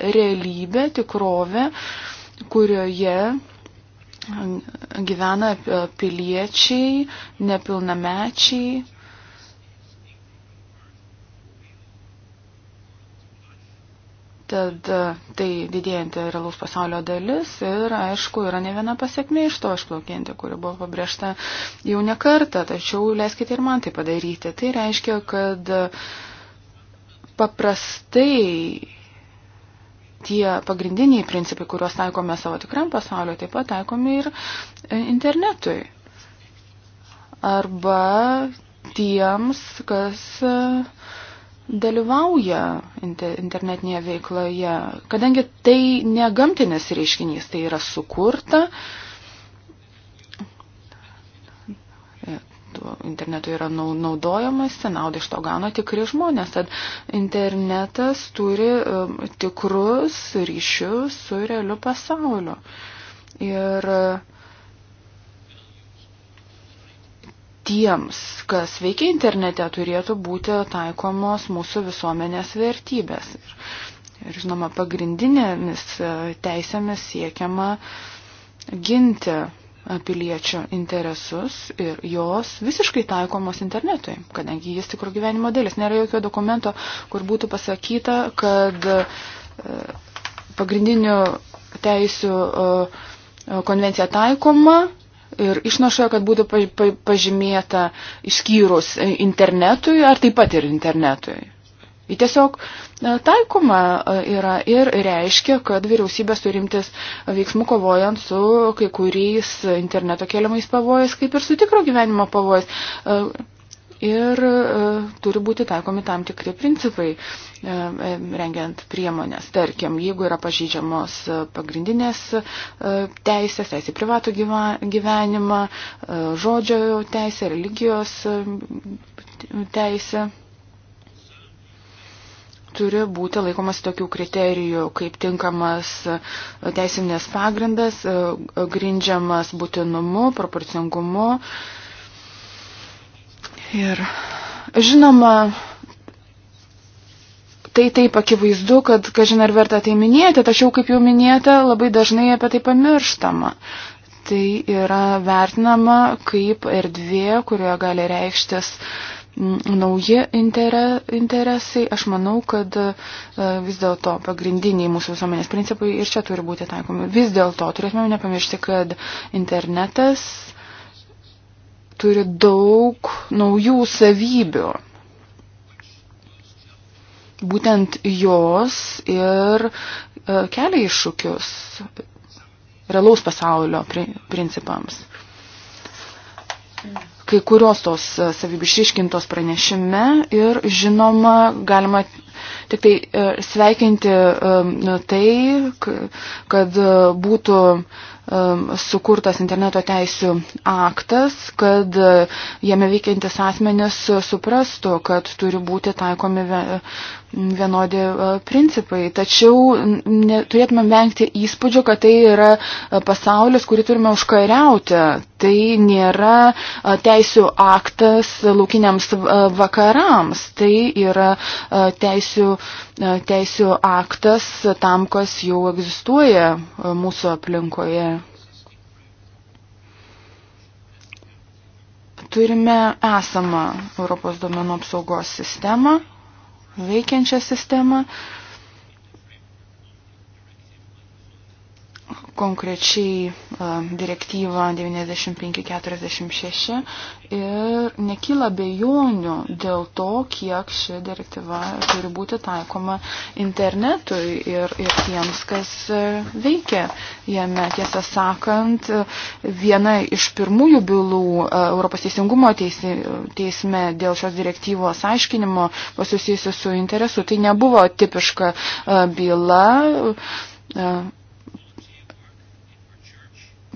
realybę, tikrovę, kurioje gyvena piliečiai, nepilnamečiai. Tad e, tai didėjanti realaus pasaulio dalis ir, aišku, yra ne viena pasiekmė iš to išplaukianti, kuri buvo pabrėžta jau ne kartą, tačiau leiskite ir man tai padaryti. Tai reiškia, kad paprastai tie pagrindiniai principai, kuriuos taikome savo tikram pasauliu, taip pat taikomi ir e, internetui. Arba tiems, kas e, dalyvauja internetinėje veikloje. Kadangi tai ne gamtinis reiškinys, tai yra sukurta, uh, internetu yra naudojamas, naudą iš to gauna tikri žmonės. Tad internetas turi um, tikrus ryšius su realiu pasauliu. Ir tiems, kas veikia internete, turėtų būti taikomos mūsų visuomenės vertybės. Ir, ir žinoma, pagrindinėmis e, teisėmis siekiama ginti piliečio interesus ir jos visiškai taikomos internetui, kadangi jis tikro gyvenimo dalis. Nėra jokio dokumento, kur būtų pasakyta, kad e, pagrindinių teisių e, e, konvencija taikoma ir išnašoja, kad būtų pažymėta išskyrus internetui ar taip pat ir internetui. Ji tiesiog e, taikoma e, yra ir reiškia, kad vyriausybės turimtis veiksmų kovojant su kai kuriais interneto keliamais pavojais, kaip ir su tikro gyvenimo pavojais. E, ir turi būti taikomi tam tikri principai, rengiant priemonės. Tarkim, jeigu yra pažydžiamos pagrindinės teisės, teisė privatų gyvenimą, žodžio teisė, religijos teisė turi būti laikomas tokių kriterijų, kaip tinkamas teisinės pagrindas, grindžiamas būtinumu, proporcingumu. Ir žinoma, tai taip akivaizdu, kad, kažin ar verta tai minėti, tačiau, kaip jau minėta, labai dažnai apie tai pamirštama. Tai yra vertinama kaip erdvė, kurioje gali reikštis uh, nauji intere, interesai. Aš manau, kad e, vis dėlto pagrindiniai mūsų visuomenės principai ir čia turi būti taikomi. Vis dėlto turėtume nepamiršti, kad internetas turi daug naujų savybių. Būtent jos ir e, kelia iššūkius realaus pasaulio principams. Mm kai kurios tos e, savybių išryškintos pranešime ir žinoma galima tik tai e, sveikinti e, tai, kad būtų sukurtas interneto teisų aktas, kad jame veikiantis asmenis suprastų, kad turi būti taikomi vienodi principai. Tačiau turėtume vengti įspūdžio, kad tai yra pasaulis, kurį turime užkariauti tai nėra teisų aktas laukiniams vakarams, tai yra teisų, teisų aktas tam, kas jau egzistuoja mūsų aplinkoje. Turime esamą Europos domenų apsaugos sistemą, veikiančią sistemą. Uh, konkrečiai direktyvą 9546 ir nekyla bejonių dėl to, kiek ši direktyva turi būti taikoma internetui ir, ir tiems, kas e, veikia jame. Tiesą sakant, viena iš pirmųjų bylų e, Europos teisingumo teisme dėl šios direktyvos aiškinimo pasusijusi su interesu, tai nebuvo tipiška e, byla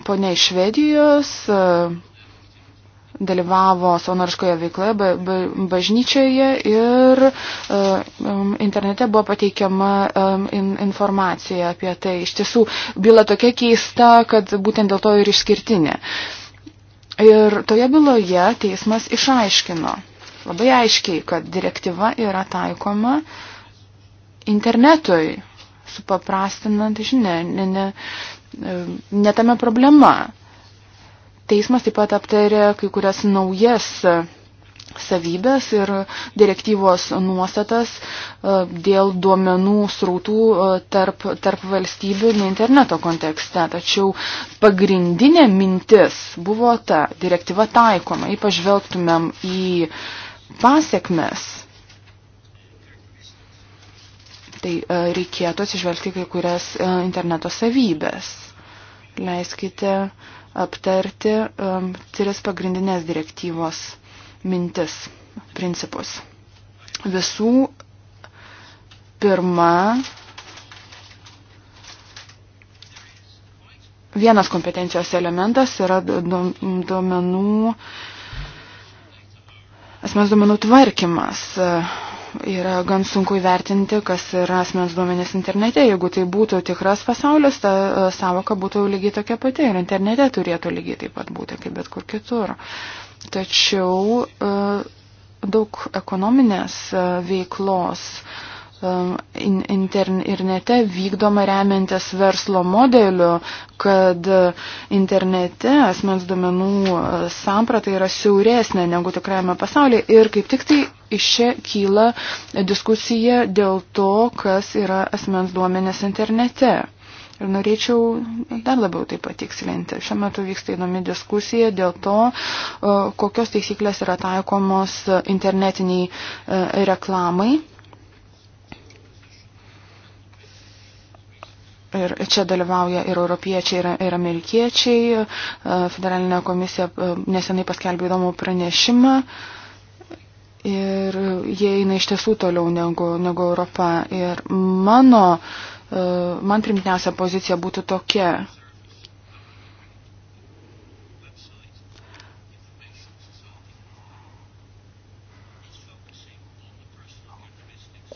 Pone iš Švedijos e, dalyvavo savanoriškoje veikloje ba, ba, bažnyčioje ir um, internete buvo pateikiama um, in, informacija apie tai. Iš tiesų, byla tokia keista, kad būtent dėl to ir išskirtinė. Ir toje byloje teismas išaiškino labai aiškiai, kad direktyva yra taikoma internetui, supaprastinant žinia, ne, ne, ne E, netame problema. Teismas taip pat aptarė kai kurias naujas savybės ir direktyvos nuostatas e, dėl duomenų srautų e, tarp, tarp valstybių ne interneto kontekste. Tačiau pagrindinė mintis buvo ta direktyva taikoma, ypač žvelgtumėm į pasiekmes. Tai reikėtų atsižvelgti kai kurias interneto savybės leiskite aptarti um, tris pagrindinės direktyvos mintis, principus. Visų pirma, vienas kompetencijos elementas yra duomenų, asmens duomenų tvarkymas yra gan sunku įvertinti, kas yra asmens duomenys internete. Jeigu tai būtų tikras pasaulis, ta e, savoka būtų lygiai tokia pati ir internete turėtų lygiai taip pat būti, kaip bet kur kitur. Tačiau e, daug ekonominės e, veiklos uh, Um, internete vykdoma remiantis verslo modeliu, kad internete asmens duomenų uh, samprata yra siauresnė negu tikrajame pasaulyje ir kaip tik tai iš čia kyla diskusija dėl to, kas yra asmens duomenės internete. Ir norėčiau dar labiau tai patikslinti. Šiuo metu vyksta įdomi diskusija dėl to, uh, kokios taisyklės yra taikomos internetiniai uh, reklamai Ir čia dalyvauja ir europiečiai, ir, ir amerikiečiai. E, Federalinė komisija e, nesenai paskelbė įdomų pranešimą. Ir jie eina iš tiesų toliau negu, negu Europa. Ir mano, e, man primtiniausia pozicija būtų tokia,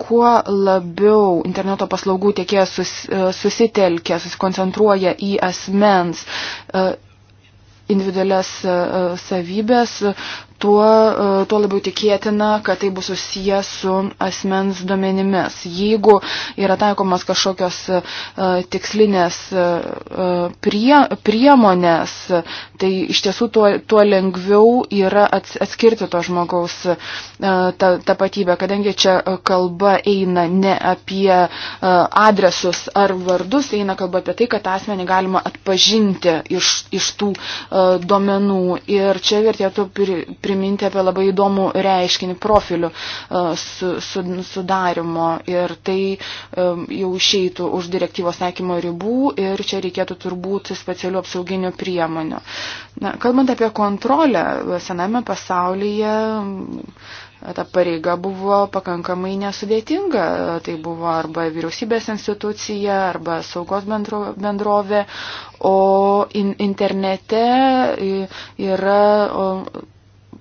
kuo labiau interneto paslaugų tiekėjas sus, e, susitelkia, susikoncentruoja į asmens e, individualias e, e, savybės, tuo, e, tuo labiau tikėtina, kad tai bus susijęs su asmens duomenimis. Jeigu yra taikomas kažkokios tikslinės prie, priemonės, tai iš tiesų tuo, tuo lengviau yra atskirti to žmogaus tapatybę, kadangi čia kalba eina ne apie adresus ar vardus, eina kalba apie tai, kad asmenį galima atpažinti iš, iš tų E, duomenų. Ir čia vertėtų priminti apie labai įdomų reiškinį profilių e, sudarimo. Ir tai e, jau išeitų už direktyvos taikymo ribų ir čia reikėtų turbūt specialių apsauginių priemonių. Na, kalbant apie kontrolę, sename pasaulyje ta pareiga buvo pakankamai nesudėtinga. Tai buvo arba vyriausybės institucija, arba saugos bendro, bendrovė, o in, internete yra. O,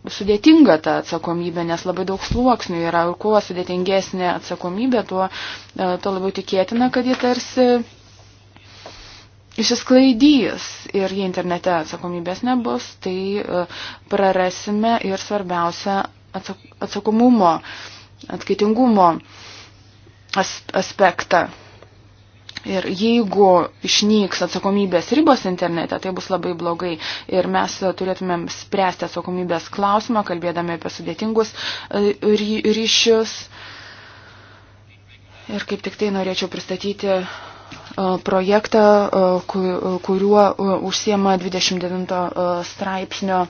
Sudėtinga ta atsakomybė, nes labai daug sluoksnių yra, ir kuo sudėtingesnė atsakomybė, tuo, e, tuo labiau tikėtina, kad jie tarsi išsisklaidys ir jei internete atsakomybės nebus, tai e, prarasime ir svarbiausią atsakomumo, atskaitingumo aspektą. Ir jeigu išnyks atsakomybės ribos internete, tai bus labai blogai. Ir mes turėtumėm spręsti atsakomybės klausimą, kalbėdami apie sudėtingus e, ryšius. Ir kaip tik tai norėčiau pristatyti e, projektą, e, kuriuo užsiema 29 straipsnio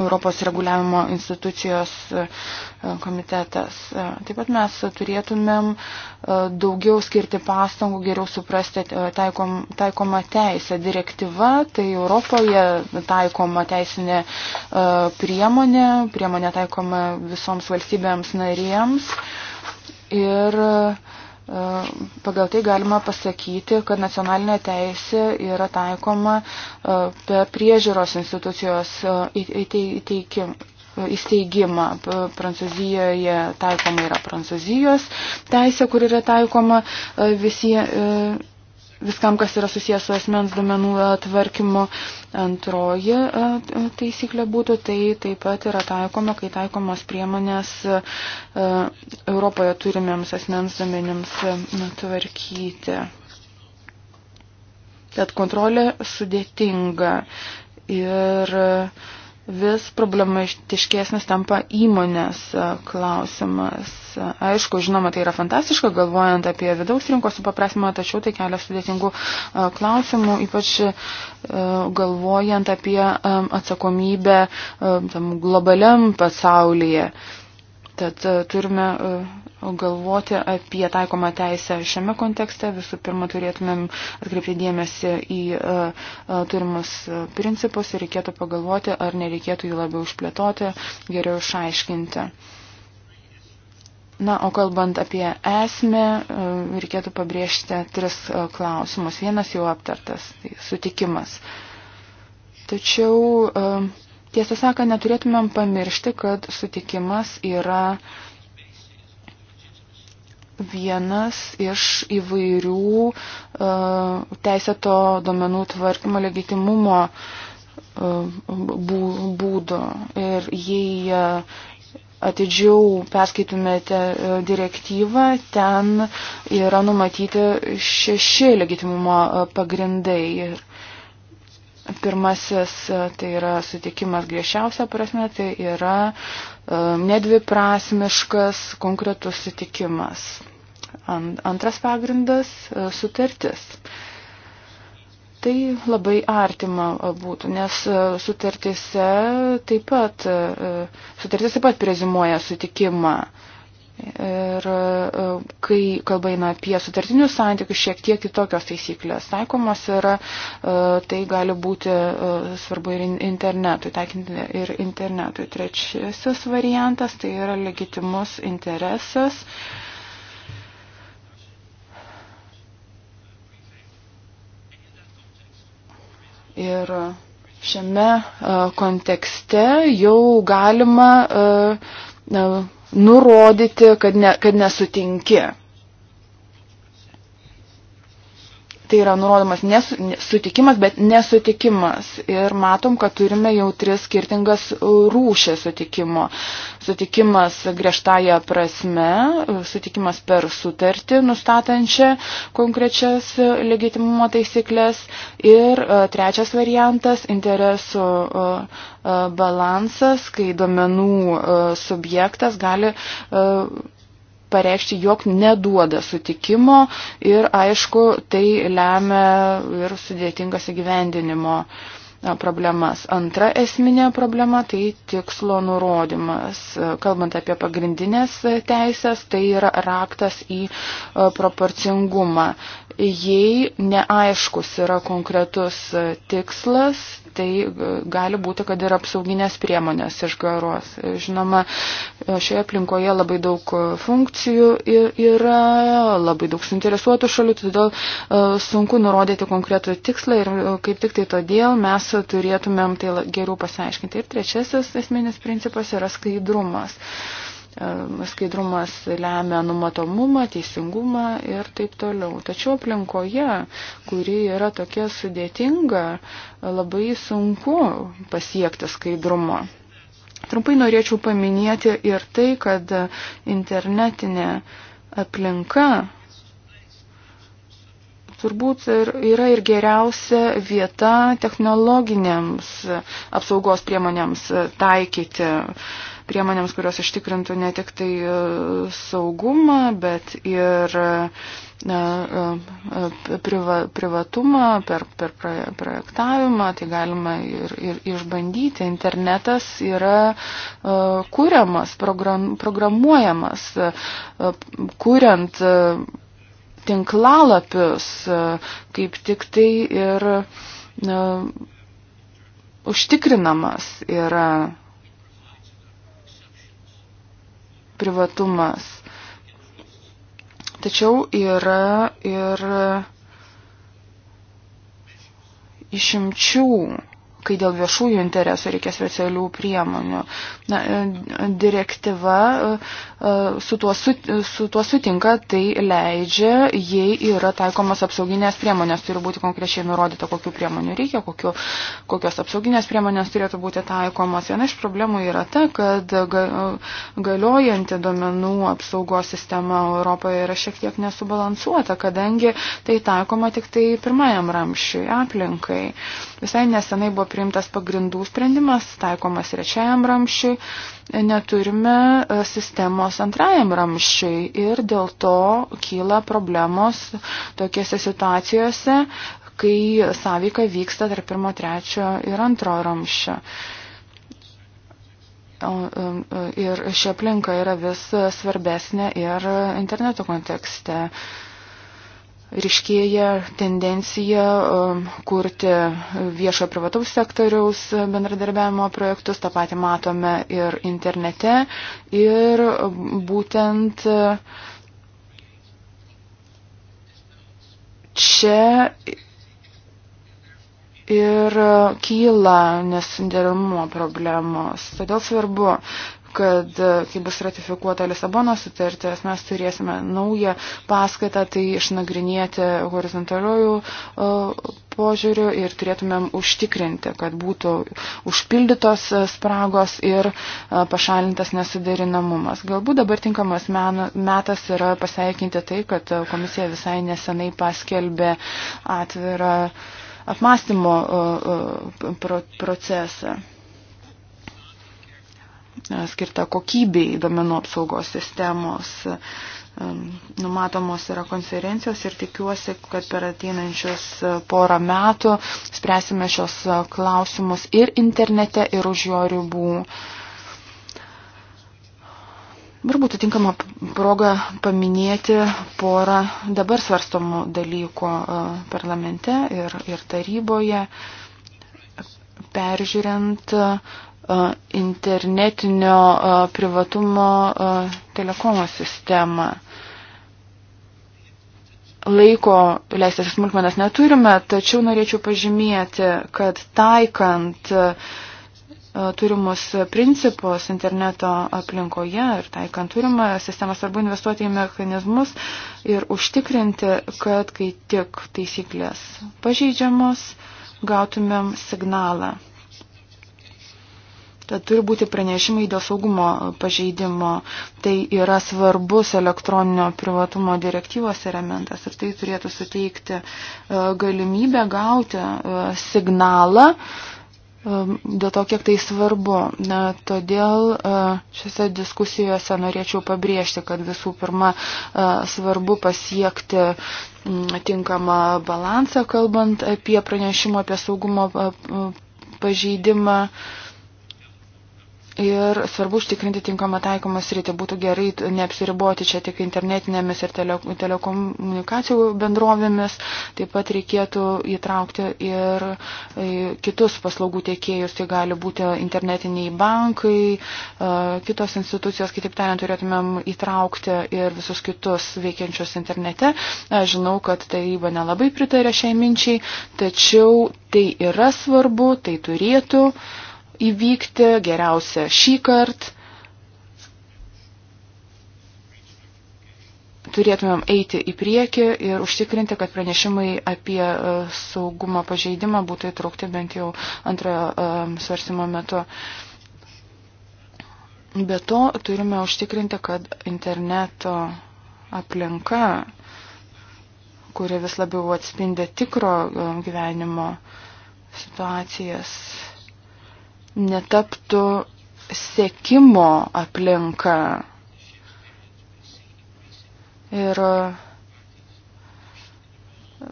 Europos reguliavimo institucijos e, komitetas. E, taip pat mes turėtumėm e, daugiau skirti pastangų, geriau suprasti taikom, taikomą teisę. Direktyva, tai Europoje taikoma teisinė priemonė, priemonė taikoma visoms valstybėms narėms. Ir uh, E, pagal tai galima pasakyti, kad nacionalinė teisė yra taikoma per priežiūros institucijos e, įteikimą e, įsteigimą. Prancūzijoje taikoma yra Prancūzijos teisė, kur yra taikoma visie, viskam, kas yra susijęs su asmens duomenų e, tvarkymu. Antroji e, taisyklė būtų, tai taip pat yra taikoma, kai taikomos priemonės e, Europoje turimiems asmens duomenims tvarkyti. Tad kontrolė sudėtinga ir uh, vis problematiškesnis tampa įmonės e, klausimas. Aišku, žinoma, tai yra fantastiška, galvojant apie vidaus rinkos supaprasmą, tačiau tai kelia sudėtingų e, klausimų, ypač e, galvojant apie atsakomybę tam globaliam pasaulyje. Tad turime galvoti apie taikomą teisę šiame kontekste. Visų pirma, turėtumėm atkreipti dėmesį į e, e, turimus principus ir reikėtų pagalvoti, ar nereikėtų jų labiau išplėtoti, geriau išaiškinti. Na, o kalbant apie esmę, e, reikėtų pabrėžti tris klausimus. Vienas jau aptartas, tai sutikimas. Tačiau, tiesą sakant, neturėtumėm pamiršti, kad sutikimas yra uh, vienas iš įvairių uh, teisėto domenų tvarkymo legitimumo uh, e, būdų. Ir jei uh, atidžiau perskaitumėte direktyvą, ten yra numatyti šeši legitimumo pagrindai. Ir Pirmasis tai yra sutikimas griežčiausia prasme, tai yra nedviprasmiškas konkretus sutikimas. Antras pagrindas e, - sutartis. Tai labai artima būtų, nes e, sutartise taip pat, e, sutartis taip pat prezimuoja sutikimą. Ir kai kalba eina apie sutartinius santykius, šiek tiek kitokios taisyklės taikomos yra, tai gali būti svarbu ir internetui, taikinti ir internetui. Trečiasis variantas tai yra legitimus interesas. Uh, Ir šiame e, kontekste jau galima e, e, nurodyti, kad, ne, kad nesutinki tai yra nurodomas nesutikimas, bet nesutikimas. Ir matom, kad turime jau tris skirtingas rūšės sutikimo. Sutikimas griežtąją prasme, sutikimas per sutartį nustatančią konkrečias legitimumo taisyklės ir e, trečias variantas - interesų e, e, balansas, kai duomenų subjektas gali pareikšti, jog neduoda sutikimo ir aišku, tai lemia ir sudėtingas įgyvendinimo problemas. Antra esminė problema tai tikslo nurodymas. Kalbant apie pagrindinės teisės, tai yra raktas į proporcingumą. Jei neaiškus yra konkretus tikslas, tai e, gali būti, kad ir apsauginės priemonės išgaruos. Žinoma, šioje aplinkoje labai daug e, funkcijų yra, labai daug suinteresuotų šalių, todėl e, sunku nurodyti konkretų tikslą ir kaip tik tai todėl mes turėtumėm tai geriau pasiaiškinti. Ir trečiasis esminis principas yra skaidrumas skaidrumas lemia numatomumą, teisingumą ir taip toliau. Tačiau aplinkoje, kuri yra tokia sudėtinga, labai sunku pasiekti skaidrumo. Trumpai norėčiau paminėti ir tai, kad internetinė aplinka turbūt ir, yra ir geriausia vieta technologinėms apsaugos priemonėms taikyti. Uh, priemonėms, kurios ištikrintų ne tik tai e, saugumą, bet ir e, priva, privatumą per, per projektavimą. Tai galima ir, ir išbandyti. Internetas yra e, kuriamas, program, programuojamas, kuriant tinklalapius, kaip tik tai ir na, užtikrinamas yra privatumas. Tačiau yra ir išimčių kai dėl viešųjų interesų reikia specialių priemonių. Na, e, direktyva e, e, su tuo, su, su tuo sutinka, tai leidžia, jei yra taikomas apsauginės priemonės, turi būti konkrečiai nurodyta, kokiu priemonių reikia, kokiu, kokios apsauginės priemonės turėtų būti taikomas. Viena iš problemų yra ta, kad ga, galiojanti domenų apsaugos sistema Europoje yra šiek tiek nesubalansuota, kadangi tai taikoma tik tai pirmajam ramščiui, aplinkai. Visai nesenai buvo priimtas pagrindų sprendimas, taikomas rečiajam ramščiui, neturime e, sistemos antrajam ramščiui ir dėl to kyla problemos tokiose situacijose, kai sąveika vyksta tarp pirmo, trečio ir antro ramščio e, e, ir ši aplinka yra vis svarbesnė ir interneto kontekste ryškėja tendencija um, kurti viešo privataus sektoriaus bendradarbiavimo projektus, tą patį matome ir internete. Ir būtent čia ir kyla nesudėrumo problemos. Todėl svarbu kad e, kai bus ratifikuota Lisabono sutartis, mes turėsime naują paskaitą, tai išnagrinėti horizontaliojų e, požiūrių ir turėtumėm užtikrinti, kad būtų užpildytos e, spragos ir pašalintas nesuderinamumas. Galbūt dabar tinkamas metas yra pasveikinti tai, kad komisija visai nesenai paskelbė atvirą apmąstymo procesą. E, skirta kokybei domenų apsaugos sistemos. E, numatomos yra konferencijos ir tikiuosi, kad per ateinančius porą metų spręsime šios klausimus ir internete, ir už jo ribų. Ir būtų tinkama proga paminėti porą dabar svarstomų dalykų e, parlamente ir, ir taryboje, peržiūrint internetinio privatumo telekomo sistemą. Laiko leistas smulkmenas neturime, tačiau norėčiau pažymėti, kad taikant turimus principus interneto aplinkoje ir taikant turimą sistemą svarbu investuoti į mechanizmus ir užtikrinti, kad kai tik taisyklės pažeidžiamos, gautumėm signalą Tad turi būti pranešimai dėl saugumo pažeidimo. Tai yra svarbus elektroninio privatumo direktyvos elementas ir tai turėtų suteikti e, galimybę gauti e, signalą e, dėl to, kiek tai svarbu. Na, todėl šiose diskusijose norėčiau pabrėžti, kad visų pirma svarbu pasiekti tinkamą balansą, kalbant apie pranešimą apie saugumo pažeidimą. Ir svarbu užtikrinti tinkamą taikomą sritį. Būtų gerai neapsiriboti čia tik internetinėmis ir tele, telekomunikacijų bendrovėmis. Taip pat reikėtų įtraukti ir e, kitus paslaugų tiekėjus. Tai gali būti internetiniai bankai, e, kitos institucijos. Kitaip tariant, turėtumėm įtraukti ir visus kitus veikiančius internete. Aš žinau, kad taryba nelabai pritarė šiai minčiai, tačiau tai yra svarbu, tai turėtų. Uh, įvykti, geriausia šį kartą. Turėtumėm eiti į priekį ir užtikrinti, kad pranešimai apie e, saugumo pažeidimą būtų įtraukti bent jau antrojo e, svarsimo metu. Be to turime užtikrinti, kad interneto aplinka, kuri vis labiau atspindė tikro e, gyvenimo situacijas, netaptų sėkimo aplinka. Ir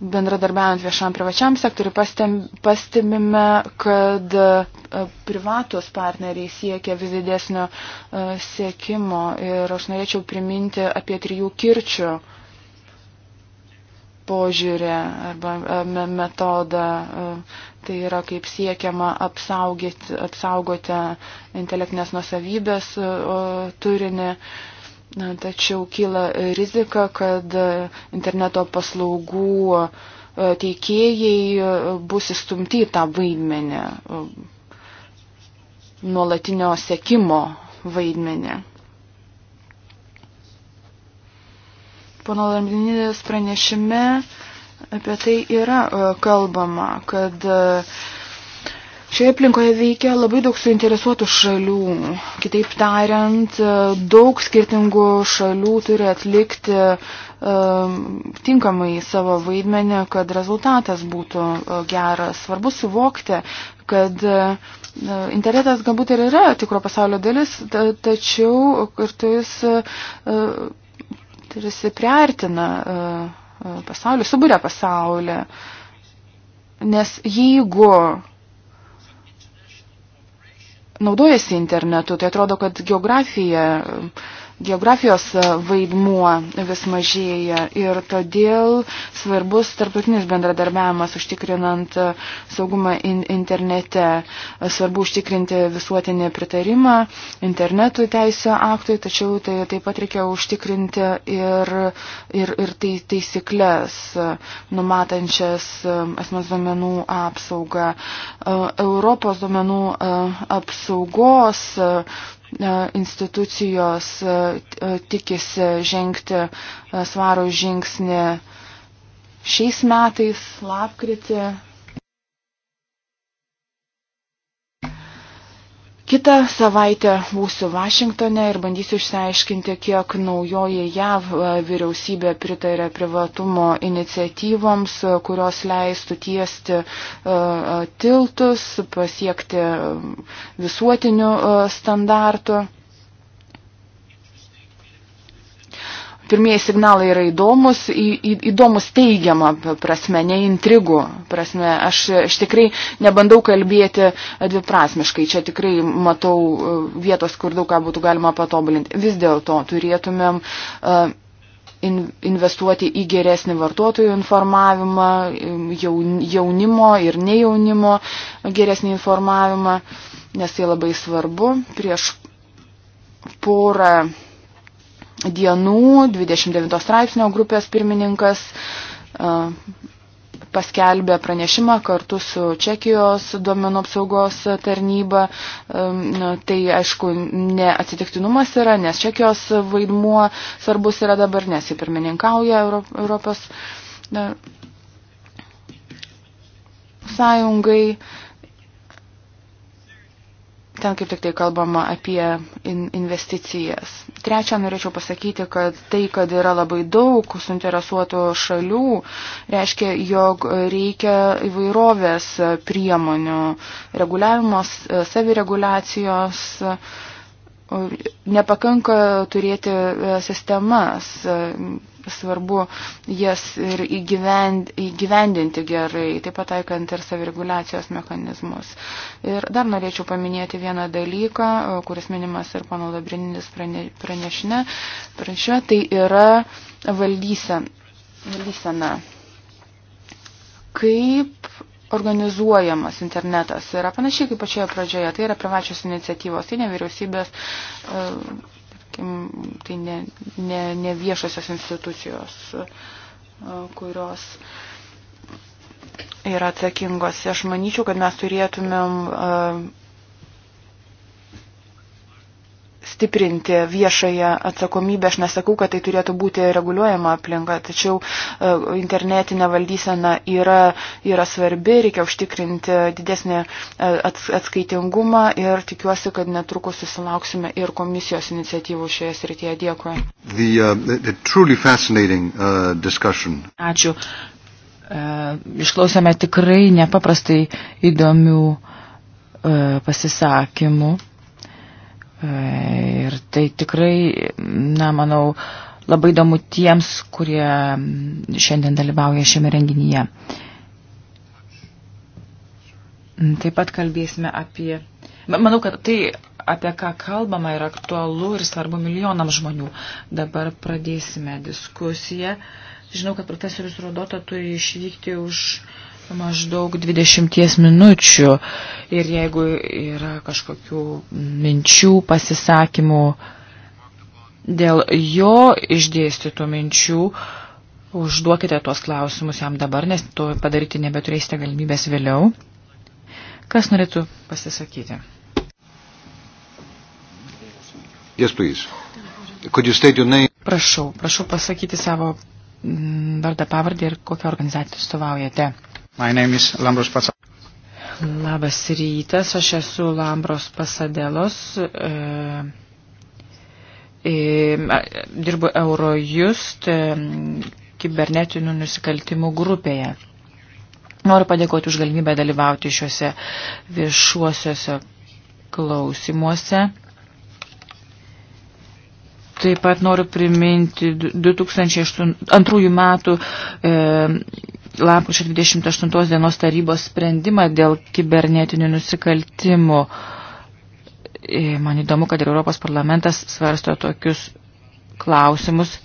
bendradarbiaujant viešam privačiam sektoriu pastebime, kad e, privatus partneriai siekia vis didesnio e, siekimo ir aš norėčiau priminti apie trijų kirčių požiūrį arba e, metodą Tai yra kaip siekiama apsaugoti, apsaugoti intelektinės nusavybės e, turinį. Na, tačiau kyla rizika, kad interneto paslaugų e, teikėjai e, bus įstumti į tą vaidmenį, nuolatinio sekimo vaidmenį. Pono Lambininės pranešime Apie tai yra e, kalbama, kad e, Šioje aplinkoje veikia labai daug suinteresuotų šalių. Kitaip tariant, e, daug skirtingų šalių turi atlikti um, tinkamai savo vaidmenį, kad rezultatas būtų geras. Svarbu suvokti, kad uh, internetas galbūt ir yra tikro pasaulio dalis, ta, tačiau kartu jis uh, tarsi priartina uh, pasaulį, subūrė pasaulį. Nes jeigu naudojasi internetu, tai atrodo, kad geografija geografijos e, vaidmuo vis mažėja ir todėl svarbus tarptautinis bendradarbiavimas užtikrinant e, saugumą in internete. E, svarbu užtikrinti visuotinį pritarimą internetų teisio aktui, tačiau tai taip pat reikia užtikrinti ir, ir, ir tai, taisyklės numatančias asmens duomenų apsaugą. Europos duomenų apsaugos E, institucijos e, e, tikisi žengti svaro žingsnį šiais metais, lapkritį, Kita savaitė būsiu Vašingtone ir bandysiu išsiaiškinti, kiek naujoji JAV e, vyriausybė pritarė privatumo iniciatyvoms, e, kurios leistų tiesti e, tiltus, pasiekti visuotinių standartų. pirmieji signalai yra įdomus, į, į, įdomus teigiama prasme, ne intrigų prasme. Aš, aš tikrai nebandau kalbėti dviprasmiškai, čia tikrai matau e, vietos, kur daug ką būtų galima patobulinti. Vis dėlto turėtumėm uh, investuoti į geresnį vartotojų informavimą, jaunimo ir nejaunimo geresnį informavimą, nes tai labai svarbu. Prieš porą dienų 29 straipsnio grupės pirmininkas e, paskelbė pranešimą kartu su Čekijos duomenų apsaugos tarnyba. E, tai aišku, neatsitiktinumas yra, nes Čekijos vaidmuo svarbus yra dabar, nes jį pirmininkauja Europos e, sąjungai. Ten kaip tik tai kalbama apie in investicijas. Trečia, norėčiau pasakyti, kad tai, kad yra labai daug suinteresuotų šalių, reiškia, jog reikia įvairovės priemonių, reguliavimos, savireguliacijos nepakanka turėti sistemas, svarbu jas ir įgyvend, įgyvendinti gerai, taip pat taikant ir savireguliacijos mechanizmus. Ir dar norėčiau paminėti vieną dalyką, kuris minimas ir pano Labrininis pranešinė, pranešė, tai yra valdysen, valdysena. Kaip organizuojamas internetas yra panašiai kaip pačioje pradžioje, tai yra privačios iniciatyvos, tai nevyriausybės tai ne, ne, ne viešosios institucijos, kurios yra atsakingos. Aš manyčiau, kad mes turėtumėm stiprinti viešąją atsakomybę. Aš nesakau, kad tai turėtų būti reguliuojama aplinka, tačiau e, internetinė valdysena yra, yra svarbi, reikia užtikrinti didesnį e, atskaitingumą ir tikiuosi, kad netrukus susilauksime ir komisijos iniciatyvų šioje srityje. Dėkui. The, uh, the truly fascinating, uh, discussion. Ačiū. Uh, išklausėme tikrai nepaprastai įdomių uh, pasisakymų. Ir tai tikrai, na, manau, labai įdomu tiems, kurie šiandien dalyvauja šiame renginyje. Taip pat kalbėsime apie. Manau, kad tai, apie ką kalbama, yra aktualu ir svarbu milijonam žmonių. Dabar pradėsime diskusiją. Žinau, kad profesorius Rodota turi išvykti už maždaug 20 minučių ir jeigu yra kažkokių minčių, pasisakymų dėl jo išdėstytų minčių, užduokite tuos klausimus jam dabar, nes to padaryti nebeturėsite galimybės vėliau. Kas norėtų pasisakyti? Yes, please. Could you state your name? Prašau, prašau pasakyti savo mm, vardą pavardę ir kokią organizaciją atstovaujate. Labas rytas, aš esu Lambros Pasadelos, e, e, dirbu Eurojust e, kibernetinių nusikaltimų grupėje. Noriu padėkoti už galimybę dalyvauti šiuose viešuosiuose klausimuose. Taip pat noriu priminti 2002 metų e, lapkričio 28 dienos tarybos sprendimą dėl kibernetinių nusikaltimų. E, man įdomu, kad ir Europos parlamentas svarsto tokius klausimus.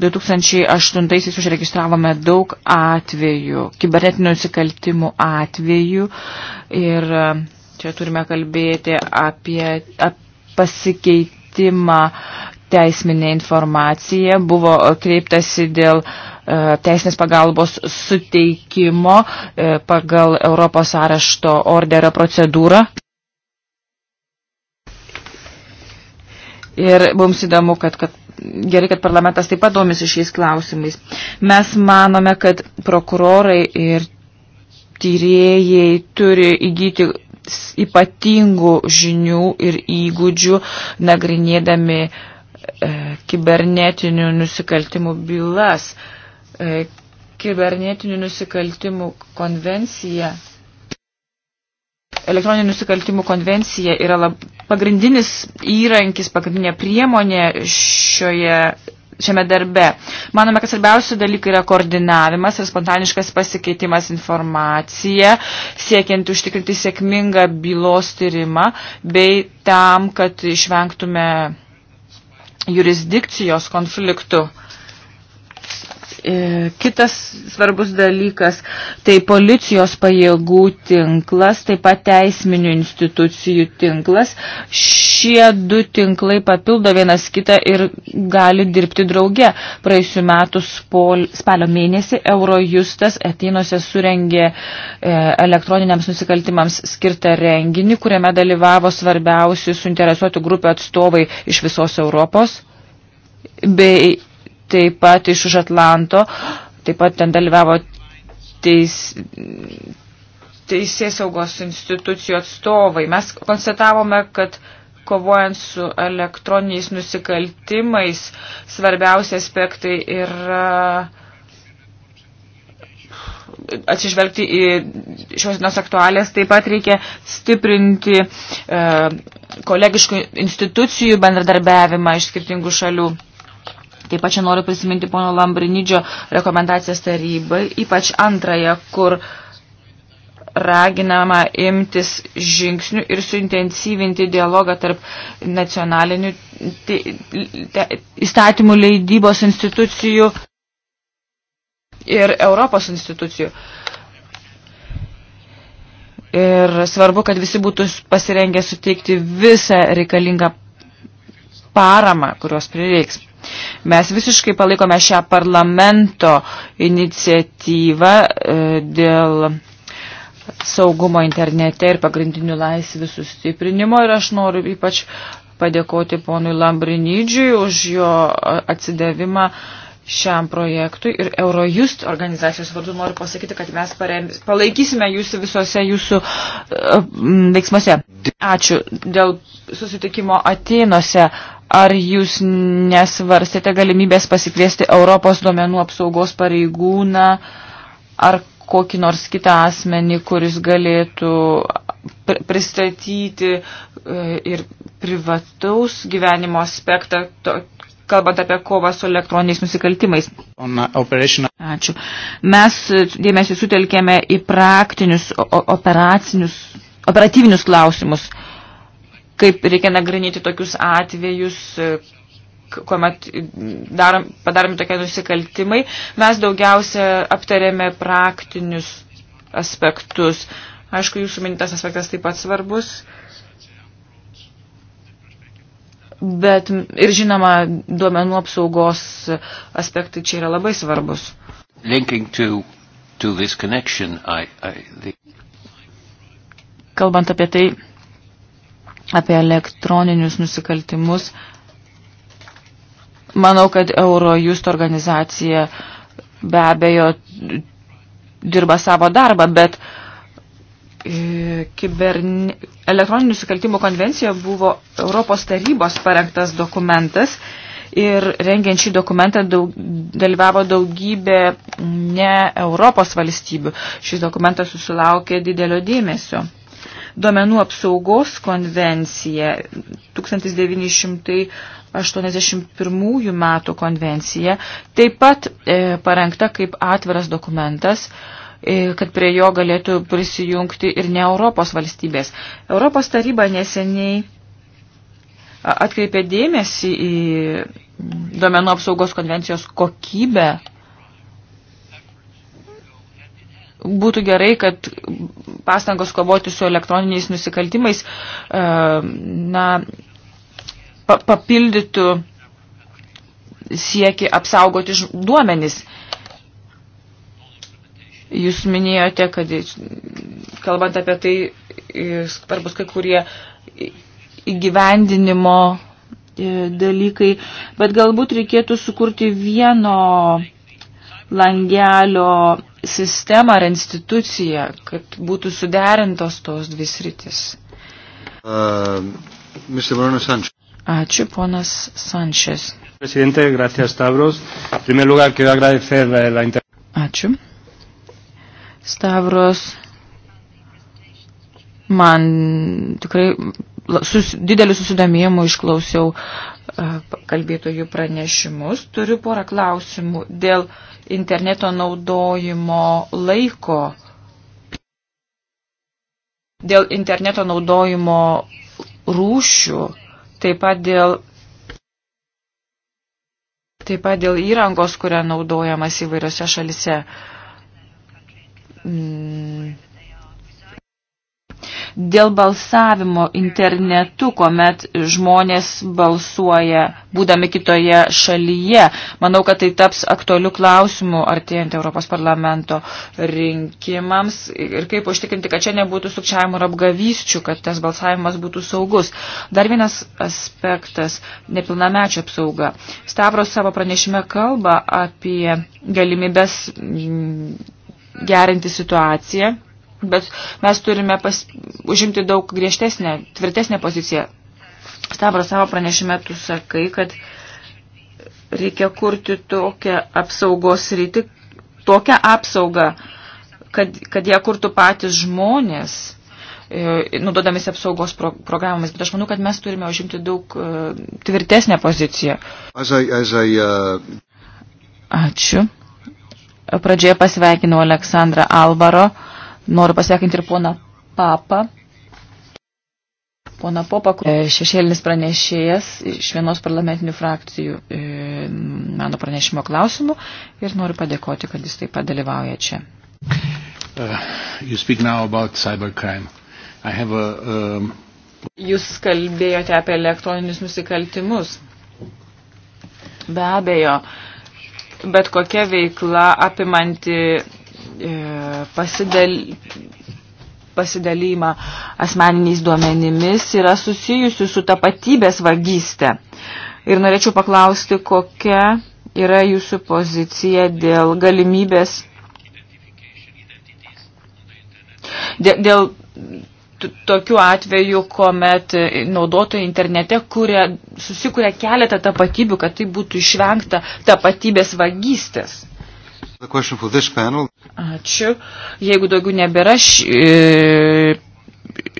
2008-aisiais užregistravome daug atvejų, kibernetinių nusikaltimų atvejų ir e, čia turime kalbėti apie, apie pasikeitimą teisminė informacija, buvo kreiptasi dėl e, teisinės pagalbos suteikimo e, pagal Europos arešto orderio procedūrą. Ir mums įdomu, kad, kad gerai, kad parlamentas taip pat domisi šiais klausimais. Mes manome, kad prokurorai ir tyrėjai turi įgyti ypatingų žinių ir įgūdžių nagrinėdami uh, E, kibernetinių nusikaltimų bylas. E, kibernetinių nusikaltimų konvencija, elektroninių nusikaltimų konvencija yra lab, pagrindinis įrankis, pagrindinė priemonė šioje, šiame darbe. Manome, kad svarbiausi dalykai yra koordinavimas ir spontaniškas pasikeitimas informacija, siekiant užtikrinti sėkmingą bylos tyrimą, bei tam, kad išvengtume jurisdikcijos konfliktų. E, kitas svarbus dalykas – tai policijos pajėgų tinklas, taip pat teisminių institucijų tinklas. Šie du tinklai papildo vienas kitą ir gali dirbti drauge. Praėjusiu metu spol, spalio mėnesį Eurojustas Atinose surengė e, elektroniniams nusikaltimams skirtą renginį, kuriame dalyvavo svarbiausi suinteresuotų grupių atstovai iš visos Europos bei taip pat iš už Atlanto, taip pat ten dalyvavo teis, teisės saugos institucijų atstovai. Mes konstatavome, kad kovojant su elektroniniais nusikaltimais svarbiausi aspektai yra atsižvelgti į šios dienos aktualės, taip pat reikia stiprinti e, kolegiškų institucijų bendradarbiavimą iš skirtingų šalių. Taip pat čia noriu prisiminti pono Lambrinidžio rekomendacijas tarybai, ypač antrąją, kur raginama imtis žingsnių ir suintensyvinti dialogą tarp nacionalinių įstatymų leidybos institucijų ir Europos institucijų. Ir svarbu, kad visi būtų pasirengę suteikti visą reikalingą paramą, kurios prireiks. Mes visiškai palaikome šią parlamento iniciatyvą e, dėl saugumo internete ir pagrindinių laisvių sustiprinimo ir aš noriu ypač padėkoti ponui Lambrinidžiui už jo atsidavimą šiam projektui ir Eurojust organizacijos vardu noriu pasakyti, kad mes parems, palaikysime jūs visose jūsų uh, veiksmuose. Ačiū dėl susitikimo Atenose. Ar jūs nesvarstėte galimybės pasikviesti Europos duomenų apsaugos pareigūną ar kokį nors kitą asmenį, kuris galėtų pristatyti e, ir privataus gyvenimo aspektą, to, kalbant apie kovą su elektroniniais nusikaltimais? Uh, Ačiū. Mes dėmesį sutelkėme į praktinius operacinius operatyvinius klausimus kaip reikia nagrinėti tokius atvejus, e, kuomet darom, padaromi tokie nusikaltimai. Mes daugiausia aptarėme praktinius aspektus. Aišku, jūsų minėtas aspektas taip pat svarbus. Bet ir žinoma, duomenų apsaugos aspektai čia yra labai svarbus. Linking to, to this connection, I, I, the... Kalbant apie tai, apie elektroninius nusikaltimus. Manau, kad Eurojust organizacija be abejo dirba savo darbą, bet e, kiberne... elektroninių nusikaltimų konvencija buvo Europos tarybos parengtas dokumentas ir rengiant šį dokumentą daug, dalyvavo daugybė ne Europos valstybių. Šis dokumentas susilaukė didelio dėmesio duomenų apsaugos konvencija, 1981 metų konvencija, taip pat e, parengta kaip atviras dokumentas, e, kad prie jo galėtų prisijungti ir ne Europos valstybės. Europos taryba neseniai atkreipė dėmesį į duomenų apsaugos konvencijos kokybę būtų gerai, kad pastangos kovoti su elektroniniais nusikaltimais e, na, papildytų sieki apsaugoti duomenis. Jūs minėjote, kad kalbant apie tai, svarbus kai kurie įgyvendinimo e, dalykai, bet galbūt reikėtų sukurti vieno langelio sistemą ar instituciją, kad būtų suderintos tos dvi sritis. Uh, Ačiū, ponas Sančes. Presidente, gracias, Stavros. En primer lugar, quiero agradecer la inter... Ačiū. Stavros, man tikrai sus, dideliu susidomėjimu išklausiau uh, kalbėtojų pranešimus. Turiu porą klausimų dėl uh, interneto naudojimo laiko, dėl interneto naudojimo rūšių, taip pat dėl, taip pat dėl įrangos, kurią naudojamas įvairiose šalise. Mm Dėl balsavimo internetu, kuomet žmonės balsuoja, būdami kitoje šalyje, manau, kad tai taps aktualių klausimų artėjant Europos parlamento rinkimams ir kaip užtikrinti, kad čia nebūtų sukčiavimų ir apgavysčių, kad tas balsavimas būtų saugus. Dar vienas aspektas – nepilnamečio apsauga. Stavros savo pranešime kalba apie galimybės mm, gerinti situaciją bet mes turime pas, užimti daug griežtesnę, tvirtesnę poziciją. Stavro savo pranešime tu sakai, kad reikia kurti tokią apsaugos rytį, tokią apsaugą, kad, kad ją kurtų patys žmonės, e, nudodamis apsaugos pro, programomis. Bet aš manau, kad mes turime užimti daug uh, tvirtesnę poziciją. As I, as I, uh... Ačiū. Pradžioje pasveikinau Aleksandrą Alvaro. Uh, Noriu pasiekinti ir poną Papą. Pona Popa, e, šešėlinis pranešėjas iš vienos parlamentinių frakcijų e, mano pranešimo klausimų ir noriu padėkoti, kad jis taip pat dalyvauja čia. Uh, a, um... Jūs kalbėjote apie elektroninius nusikaltimus. Be abejo, bet kokia veikla apimanti E, pasidal, pasidalymą asmeniniais duomenimis yra susijusi su tapatybės vagyste. Ir norėčiau paklausti, kokia yra jūsų pozicija dėl galimybės, dėl, dėl tokių atvejų, kuomet naudotojai internete kuria, susikuria keletą tapatybių, kad tai būtų išvengta tapatybės vagystės. Ačiū. Jeigu daugiau nebėra e,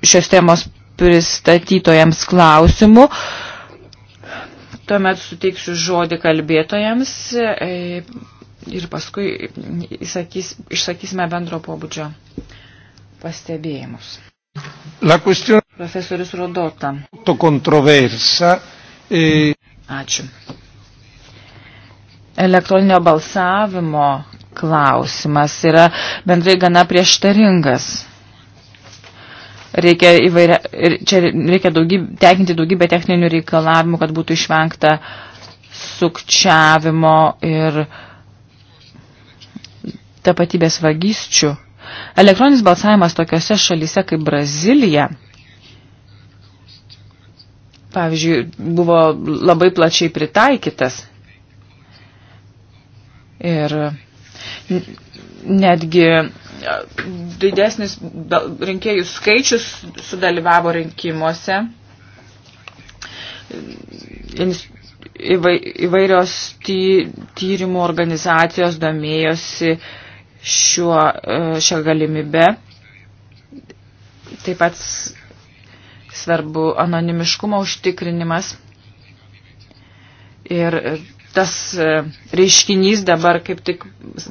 šios temos pristatytojams klausimų, tuomet suteiksiu žodį kalbėtojams e, ir paskui įsakys, išsakysime bendro pobūdžio pastebėjimus. La question... Profesorius Rodota. Controversa. E... Ačiū elektroninio balsavimo klausimas yra bendrai gana prieštaringas. Reikia įvairia, čia reikia daugyb, tekinti daugybę techninių reikalavimų, kad būtų išvengta sukčiavimo ir tapatybės vagysčių. Elektroninis balsavimas tokiose šalyse kaip Brazilija pavyzdžiui, buvo labai plačiai pritaikytas. Ir netgi didesnis rinkėjų skaičius sudalyvavo rinkimuose. Įvairios ty, tyrimų organizacijos domėjosi šiuo, e, šią galimybę. Taip pat svarbu anonimiškumo užtikrinimas ir tas e, reiškinys dabar kaip tik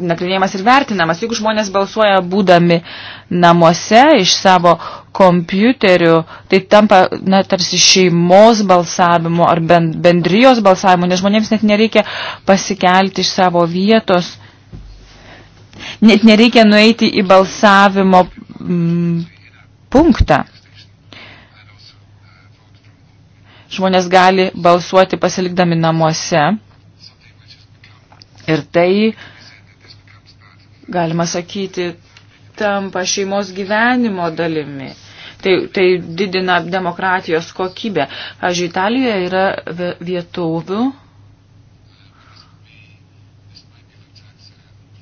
nagrinėjimas ir vertinamas. Juk žmonės balsuoja būdami namuose iš savo kompiuterių, tai tampa na, tarsi šeimos balsavimo ar bendrijos balsavimo, nes žmonėms net nereikia pasikelti iš savo vietos, net nereikia nueiti į balsavimo mm, punktą. Žmonės gali balsuoti pasilikdami namuose Ir tai, galima sakyti, tampa šeimos gyvenimo dalimi. Tai, tai didina demokratijos kokybę. Pavyzdžiui, Italijoje yra vietovių,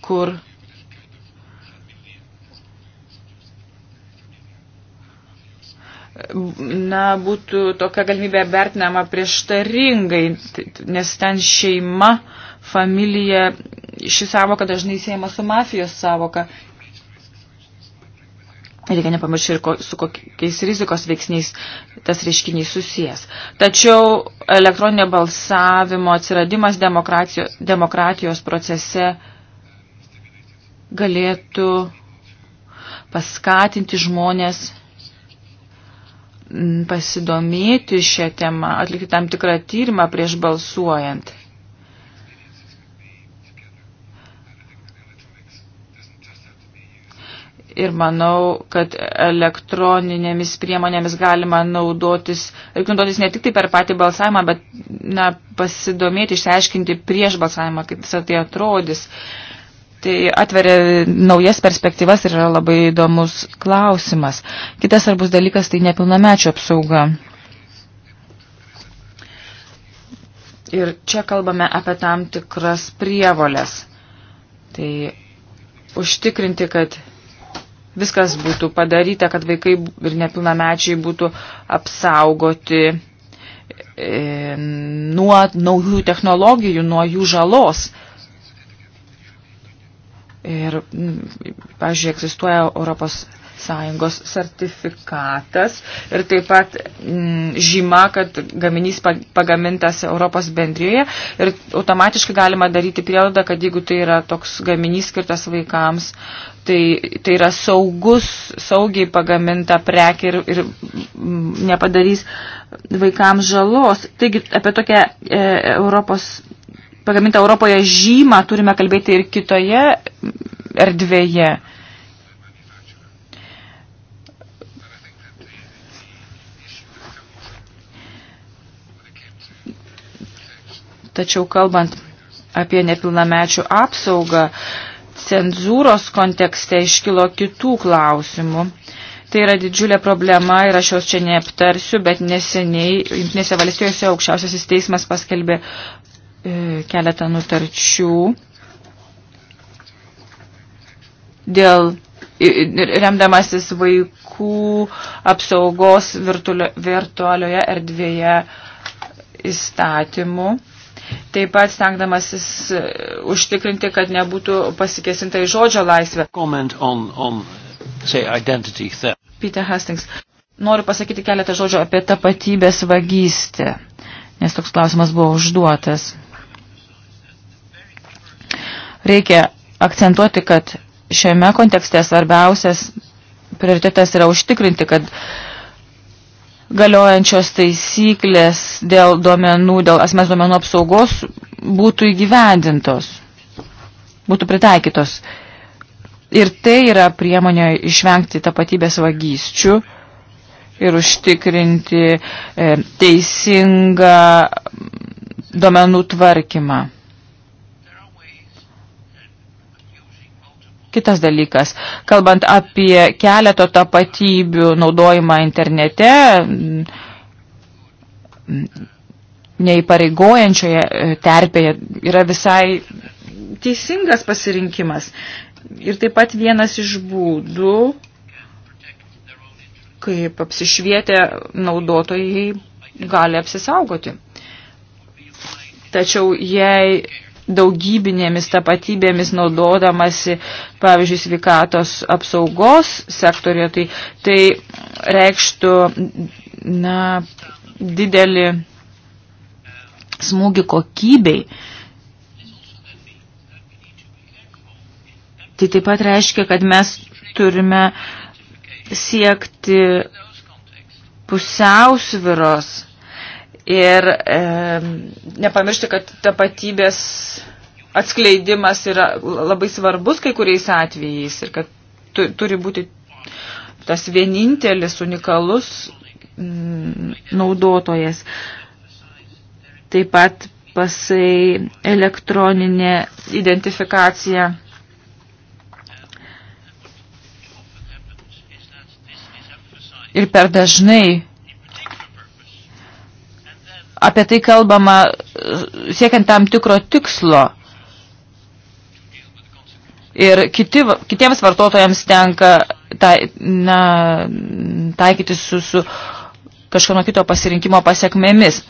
kur na, būtų tokia galimybė vertinama prieštaringai, nes ten šeima uh, familija, ši savoka dažnai siejama su mafijos savoka. Reikia nepamiršti ir ko, su kokiais rizikos veiksniais tas reiškinys susijęs. Tačiau elektroninio balsavimo atsiradimas demokratijos, demokratijos procese galėtų paskatinti žmonės pasidomėti šią temą, atlikti tam tikrą tyrimą prieš balsuojant. ir manau, kad elektroninėmis priemonėmis galima naudotis, naudotis ne tik tai per patį balsavimą, bet na, pasidomėti, išsiaiškinti prieš balsavimą, kaip visą tai atrodys. Tai atveria naujas perspektyvas ir yra labai įdomus klausimas. Kitas svarbus dalykas tai nepilnamečio apsauga. Ir čia kalbame apie tam tikras prievolės. Tai užtikrinti, kad viskas būtų padaryta, kad vaikai ir nepilnamečiai būtų apsaugoti e, nuo naujų technologijų, nuo jų žalos. Ir, pažiūrėjau, egzistuoja Europos sąjungos sertifikatas ir taip pat m, mm, žyma, kad gaminys pagamintas Europos bendrijoje ir automatiškai galima daryti prielaidą, kad jeigu tai yra toks gaminys skirtas vaikams, tai, tai yra saugus, saugiai pagaminta prekė ir, ir m, mm, nepadarys vaikams žalos. Taigi apie tokią e, Europos pagamintą Europoje žymą turime kalbėti ir kitoje mm, erdvėje. Tačiau kalbant apie nepilnamečių apsaugą, cenzūros kontekste iškilo kitų klausimų. Tai yra didžiulė problema ir aš jos čia neaptarsiu, bet neseniai Junktinėse valstijose aukščiausiasis teismas paskelbė e, keletą nutarčių dėl remdamasis vaikų apsaugos virtualioje erdvėje įstatymų taip pat stengdamasis e, užtikrinti, kad nebūtų pasikesinta į žodžio laisvę. On, on, say, Peter Hastings, noriu pasakyti keletą žodžių apie tapatybės vagystę, nes toks klausimas buvo užduotas. Reikia akcentuoti, kad šiame kontekste svarbiausias prioritetas yra užtikrinti, kad uh, galiojančios taisyklės dėl duomenų, dėl asmens duomenų apsaugos būtų įgyvendintos, būtų pritaikytos. Ir tai yra priemonė išvengti tapatybės vagysčių ir užtikrinti e, teisingą mm, duomenų tvarkymą. Kitas dalykas, kalbant apie keleto tapatybių naudojimą internete, neįpareigojančioje e, terpėje yra visai teisingas pasirinkimas. Ir taip pat vienas iš būdų, kaip apsišvietę naudotojai gali apsisaugoti. Tačiau jei daugybinėmis tapatybėmis naudodamasi, pavyzdžiui, sveikatos apsaugos sektorija, tai, tai reikštų na, didelį smūgį kokybei. Tai taip pat reiškia, kad mes turime siekti pusiausviros Ir e, nepamiršti, kad tapatybės atskleidimas yra labai svarbus kai kuriais atvejais ir kad tu, turi būti tas vienintelis unikalus m, mm, naudotojas. Taip pat pasai elektroninė identifikacija. Ir per dažnai apie tai kalbama siekiant tam tikro tikslo. Ir kiti, kitiems vartotojams tenka tai, na, taikyti su, su kažkano kito pasirinkimo pasiekmėmis.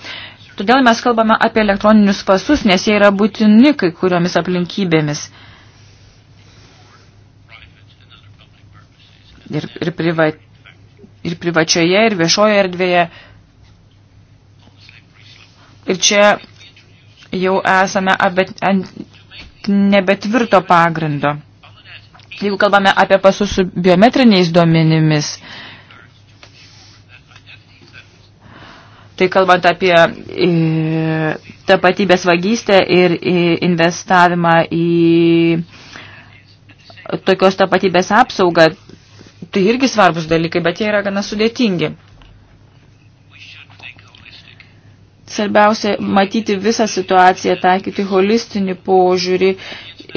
Todėl mes kalbame apie elektroninius pasus, nes jie yra būtini kai kuriomis aplinkybėmis. Ir, ir, priva, ir privačioje, ir viešoje erdvėje. Ir Ir čia jau esame abet, ant nebetvirto pagrindo. Jeigu kalbame apie pasus su biometriniais duomenimis, tai kalbant apie e, tapatybės vagystę ir e, investavimą į tokios tapatybės apsaugą, tai irgi svarbus dalykai, bet jie yra gana sudėtingi. Svarbiausia matyti visą situaciją, taikyti holistinį požiūrį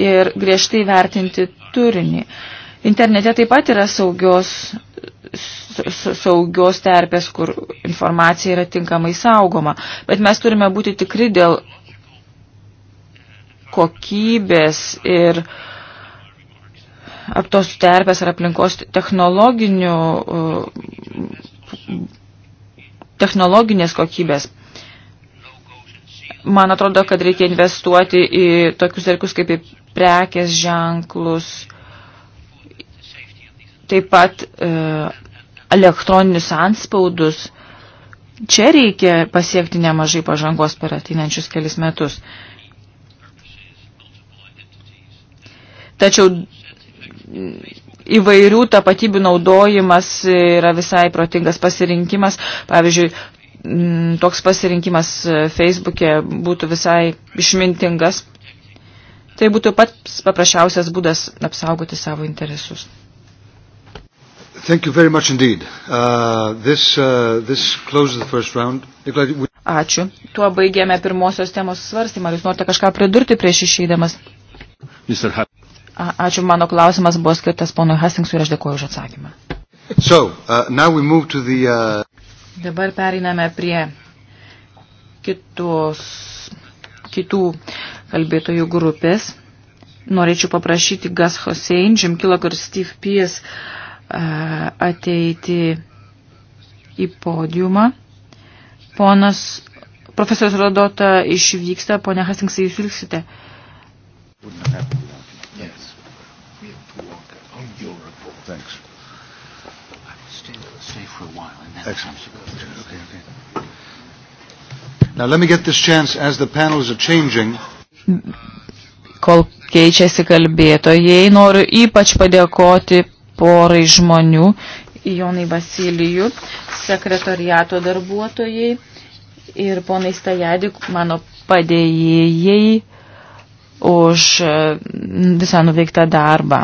ir griežtai vertinti turinį. Internete taip pat yra saugios, saugios terpės, kur informacija yra tinkamai saugoma, bet mes turime būti tikri dėl kokybės ir aptos terpės ar aplinkos technologinių uh, technologinės kokybės. Man atrodo, kad reikia investuoti į tokius dalykus kaip į prekės ženklus, taip pat e, elektroninius anspaudus. Čia reikia pasiekti nemažai pažangos per ateinančius kelis metus. Tačiau įvairių tapatybių naudojimas yra visai protingas pasirinkimas. Pavyzdžiui, Mm, toks pasirinkimas e, Facebook'e būtų visai išmintingas. Tai būtų pats paprasčiausias būdas apsaugoti savo interesus. Thank you very much indeed. Uh, this, uh, this closes the first round. Ačiū. Tuo baigėme pirmosios temos svarstymą. Ar jūs norite kažką pridurti prieš išeidamas? Ačiū. Mano klausimas buvo skirtas ponui Hastingsui ir aš dėkuoju už atsakymą. So, uh, now we move to the, uh... Dabar periname prie kitos, kitų kalbėtojų grupės. Norėčiau paprašyti Gas Hosein, Jim Kilok ir Steve Pies ateiti į podiumą. Ponas profesorius Rodota išvyksta, ponia Hastingsai, jūs ilgsite. Yes. Thanks stay for a while and then Excellent. the time's to go. Okay, okay. Now let me get this chance as the panels are changing. Kol keičiasi kalbėtojai, noriu ypač padėkoti porai žmonių, Jonai Vasilijų, sekretoriato darbuotojai ir ponai Stajadik, mano padėjėjai, už e, visą nuveiktą darbą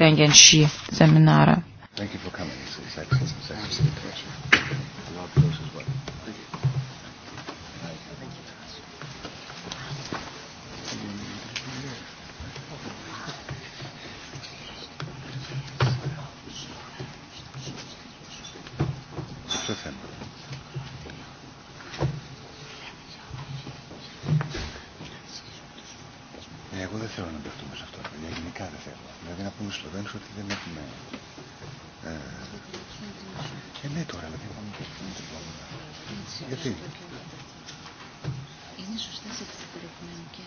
rengiant šį seminarą. Thank you for coming section. It's an absolute pleasure. And I'll close as well. Thank you. Thank you. Thank you. Szefem. Εγώ δεν θέλω να μπερδευτούμε σε αυτό, παιδιά. Γενικά δεν θέλω. Δηλαδή να πούμε στου Σλοβαίνου ότι δεν έχουμε ε, Και ναι τώρα, δηλαδή. Γιατί. Είναι σωστές αυτές οι περιεχομένες και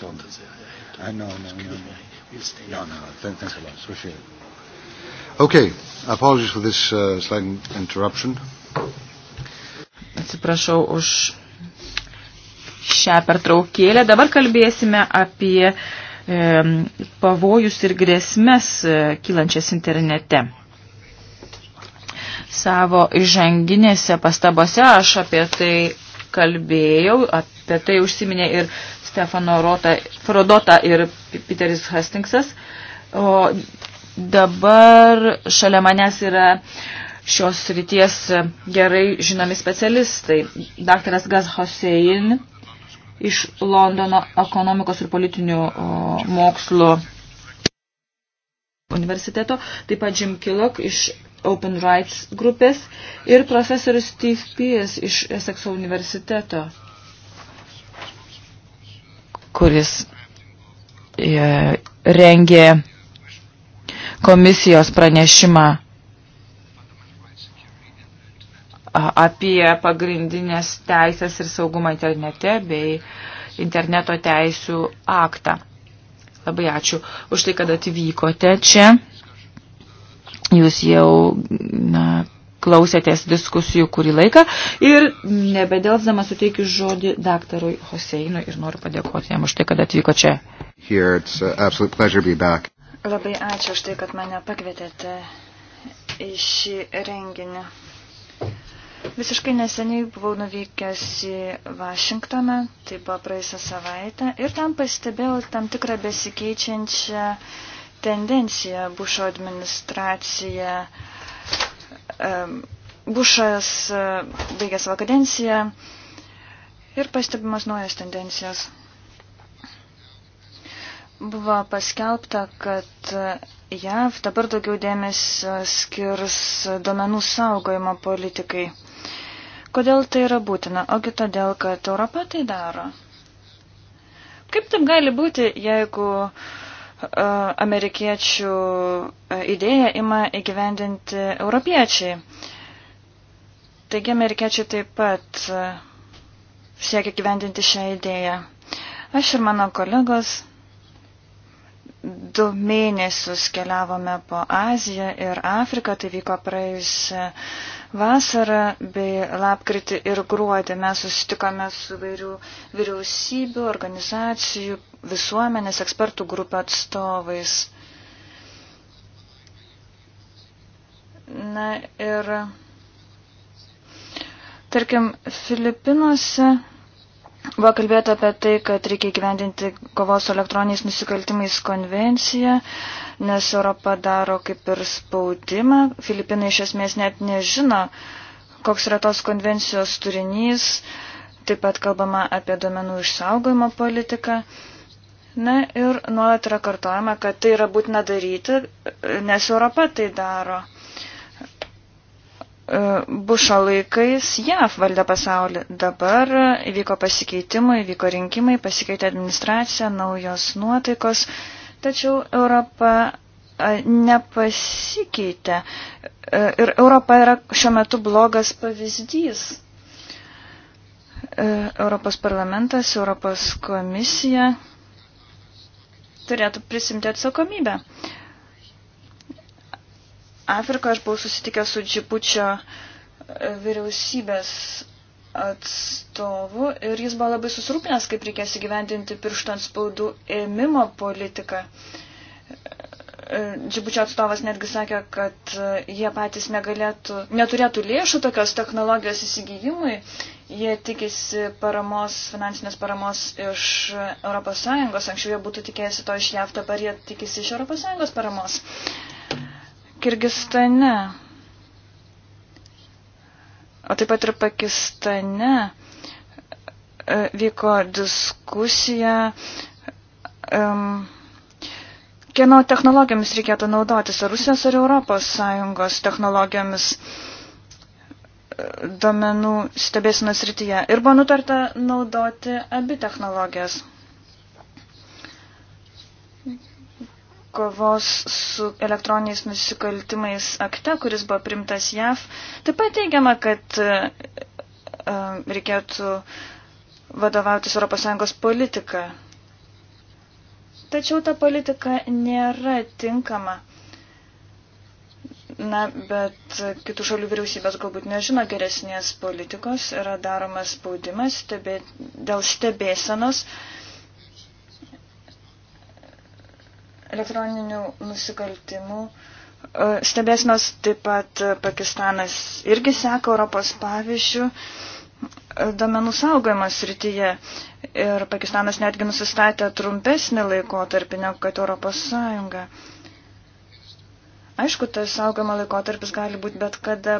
important. I know, no, no, no. No, no, no. Thank, thanks a lot. Appreciate it. Okay. Apologies for this uh, slight interruption. Atsiprašau už šią pertraukėlę. Dabar kalbėsime apie e, pavojus ir grėsmes e, kylančias internete. Savo įžanginėse pastabose aš apie tai kalbėjau, ap, apie tai užsiminė ir Stefano Rota, Frodota ir Peteris Hastingsas. O dabar šalia manęs yra šios ryties gerai žinomi specialistai. Daktaras Gaz Hosein iš Londono ekonomikos ir politinių mokslų universiteto, taip pat Jim Killock iš Open Rights grupės ir profesorius Steve Pierce iš Esekso universiteto kuris e, rengė komisijos pranešimą apie pagrindinės teisės ir saugumą internete bei interneto teisių aktą. Labai ačiū už tai, kad atvykote čia. Jūs jau na, klausėtės diskusijų kurį laiką ir nebedelsdama suteikiu žodį daktarui Hoseinui ir noriu padėkoti jam už tai, kad atvyko čia. Here, uh, Labai ačiū už tai, kad mane pakvietėte į šį renginį. Visiškai neseniai buvau nuvykęs į Vašingtoną, tai buvo praeisą savaitę, ir tam pastebėjau tam tikrą besikeičiančią tendenciją Bušo administracija Bušas e, baigė savo kadenciją ir pastebimas naujas tendencijos. Buvo paskelbta, kad JAV dabar daugiau dėmesio skirs domenų saugojimo politikai. Kodėl tai yra būtina? Ogi todėl, kad Europa tai daro. Kaip tam gali būti, jeigu uh, amerikiečių idėją ima įgyvendinti europiečiai. Taigi amerikiečiai taip pat siekia gyvendinti šią idėją. Aš ir mano kolegos du mėnesius keliavome po Aziją ir Afriką, tai vyko praėjusią vasarą bei lapkritį ir gruodį. Mes susitikome su vairių vyriausybių, organizacijų, visuomenės ekspertų grupę atstovais. Na ir, tarkim, Filipinuose buvo kalbėta apie tai, kad reikia gyvendinti kovos su elektroniniais nusikaltimais konvenciją, nes Europa daro kaip ir spaudimą. Filipinai iš esmės net nežino, koks yra tos konvencijos turinys. Taip pat kalbama apie duomenų išsaugojimo politiką. Uh, Na ir nuolat yra kartojama, kad tai yra būtina daryti, nes Europa tai daro. E, Bušo laikais JAV valdė pasaulį. Dabar įvyko pasikeitimai, įvyko rinkimai, pasikeitė administracija, naujos nuotaikos, tačiau Europa e, nepasikeitė. E, ir Europa yra šiuo metu blogas pavyzdys. Europos parlamentas, Europos komisija turėtų prisimti atsakomybę. Afrikoje aš buvau susitikęs su Džibučio e, vyriausybės atstovu ir jis buvo labai susirūpinęs, kaip reikės įgyvendinti pirštų ant spaudų ėmimo politiką. E, Džibučio atstovas netgi sakė, kad e, jie patys negalėtų, neturėtų lėšų tokios technologijos įsigijimui, Jie tikisi paramos, finansinės paramos iš ES, anksčiau jie būtų tikėjęsi to iš JAV, dabar jie tikisi iš ES paramos. Kirgistane, o taip pat ir Pakistane e, vyko diskusija. Um, kieno technologijomis reikėtų naudotis, ar Rusijos ar Europos Sąjungos technologijomis duomenų stebėsinos rytyje. Ir buvo nutarta naudoti abi technologijas. Kovos su elektroniniais nusikaltimais akte, kuris buvo primtas JAV, taip pat teigiama, kad e, e, reikėtų vadovautis ES politika. Tačiau ta politika nėra tinkama. Na, bet kitų šalių vyriausybės galbūt nežino geresnės politikos, yra daromas spaudimas stebė, dėl stebėsenos elektroninių nusikaltimų. E, stebėsenos taip pat Pakistanas irgi seka Europos pavyzdžių e, domenų saugojimas rytyje ir Pakistanas netgi nusistatė trumpesnį laikotarpį negu kad Europos Sąjunga. Aišku, tas saugojimo laikotarpis gali būti bet kada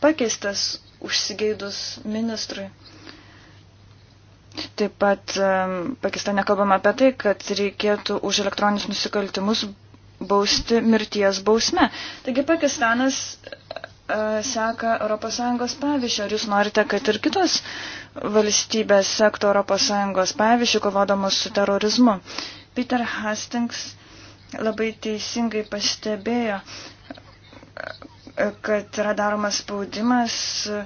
pakeistas užsigeidus ministrui. Taip pat Pakistane kalbama apie tai, kad reikėtų už elektroninius nusikaltimus bausti mirties bausme. Taigi Pakistanas e, seka ES pavyzdžio. Ar jūs norite, kad ir kitos valstybės sektų ES pavyzdžių, kovodamos su terorizmu? Peter Hastings labai teisingai pastebėjo, kad yra daromas spaudimas e,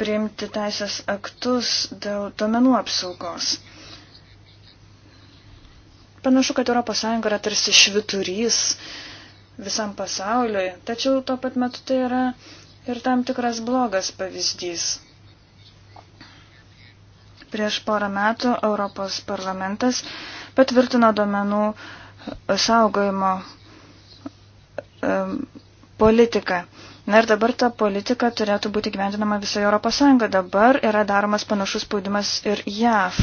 priimti teisės aktus dėl domenų apsaugos. Panašu, kad ES yra tarsi šviturys visam pasauliui, tačiau tuo pat metu tai yra ir tam tikras blogas pavyzdys. Prieš porą metų Europos parlamentas patvirtino domenų uh, saugojimo politiką. Na ir dabar ta politika turėtų būti gyvendinama visoje Europos Sąjungoje. Dabar yra daromas panašus spaudimas ir JAV.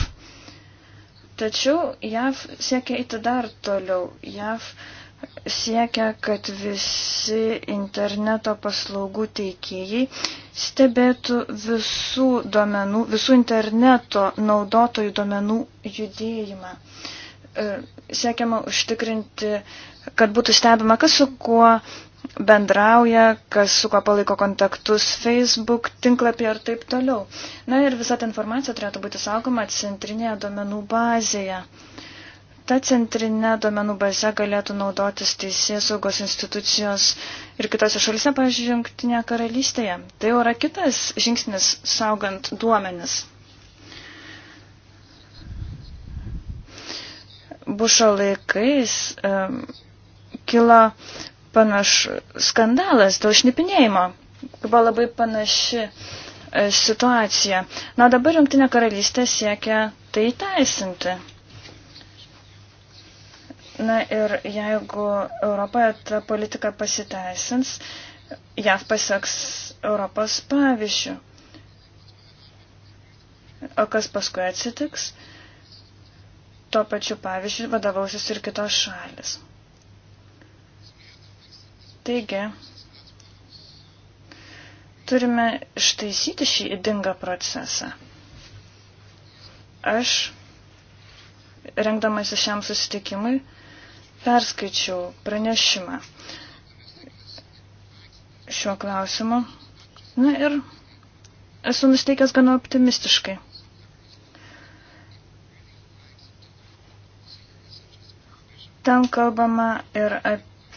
Tačiau JAV siekia eiti dar toliau. JAV siekia, kad visi interneto paslaugų teikėjai stebėtų visų, domenų, visų interneto naudotojų domenų judėjimą. Uh, E, siekiama užtikrinti, kad būtų stebima, kas su kuo bendrauja, kas su kuo palaiko kontaktus Facebook tinklapį ir taip toliau. Na ir visa ta informacija turėtų būti saugoma centrinėje duomenų bazėje. Ta centrinė duomenų bazė galėtų naudotis teisės saugos institucijos ir kitose šalise, pavyzdžiui, Junktinėje karalystėje. Tai jau yra kitas žingsnis saugant duomenis. Bušo laikais um, kilo panašus skandalas dėl šnipinėjimo. Buvo labai panaši e, situacija. Na dabar Junktinė karalystė siekia tai teisinti. Na ir jeigu Europoje ta politika pasiteisins, JAV pasieks Europos pavyzdžių. O kas paskui atsitiks? Uh, Tuo pačiu pavyzdžiu vadovausis ir kitos šalis. Taigi, turime ištaisyti šį įdingą procesą. Aš, rengdamasi šiam susitikimui, perskaičiau pranešimą šiuo klausimu. Na ir esu nusteikęs gana optimistiškai. Ten kalbama ir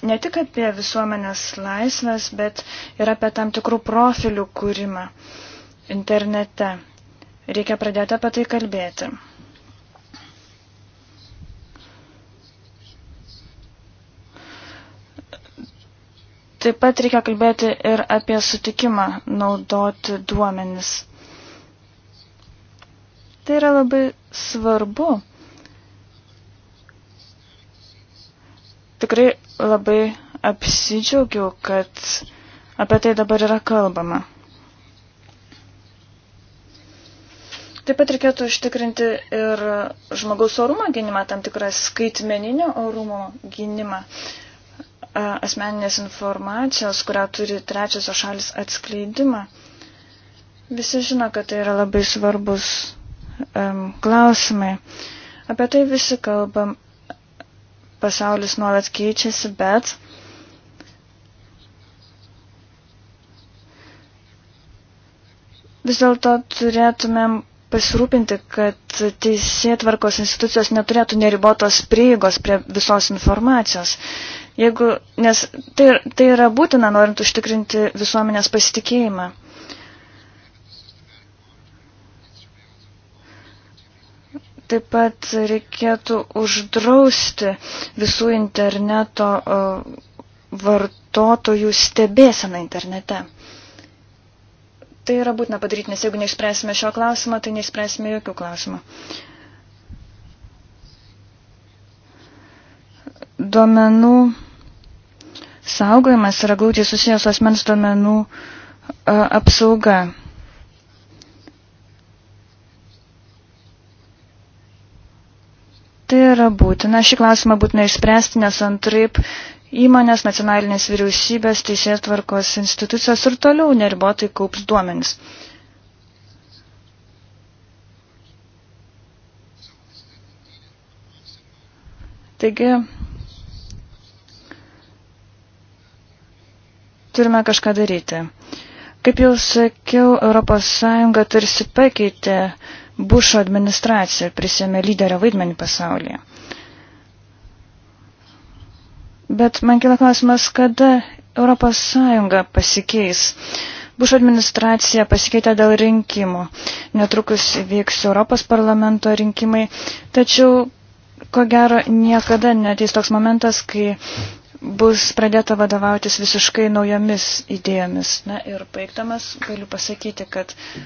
ne tik apie visuomenės laisvės, bet ir apie tam tikrų profilių kūrimą internete. Reikia pradėti apie tai kalbėti. Taip pat reikia kalbėti ir apie sutikimą naudoti duomenis. Tai yra labai svarbu, Tikrai labai apsidžiaugiu, kad apie tai dabar yra kalbama. Taip pat reikėtų užtikrinti ir žmogaus orumo gynimą, tam tikrą skaitmeninio orumo gynimą asmeninės informacijos, kurią turi trečiosios šalis atskleidimą. Visi žino, kad tai yra labai svarbus um, klausimai. Apie tai visi kalbam, pasaulis nuolat keičiasi, bet vis dėlto turėtumėm pasirūpinti, kad teisėtvarkos institucijos neturėtų neribotos prieigos prie visos informacijos. Jeigu, nes tai, tai yra būtina, norint užtikrinti visuomenės pasitikėjimą. Taip pat reikėtų uždrausti visų interneto e, vartotojų stebėseną internete. Tai yra būtina padaryti, nes jeigu neišspręsime šio klausimo, tai neišspręsime jokių klausimų. Duomenų saugojimas yra glaudžiai susijęs su asmens duomenų e, apsauga. Tai yra būtina. Šį klausimą būtina išspręsti, nes antraip įmonės, nacionalinės vyriausybės, teisėtvarkos institucijos ir toliau neribotai kaups duomenis. Taigi, turime kažką daryti. Kaip jau sakiau, ES tarsi pakeitė Bušo administracija prisėmė lyderio vaidmenį pasaulyje. Bet man kila klausimas, kada ES pasikeis. Bušo administracija pasikeitė dėl rinkimų. Netrukus vyks Europos parlamento rinkimai. Tačiau, ko gero, niekada neteis toks momentas, kai bus pradėta vadovautis visiškai naujomis idėjomis. Na ir baigdamas galiu pasakyti, kad uh,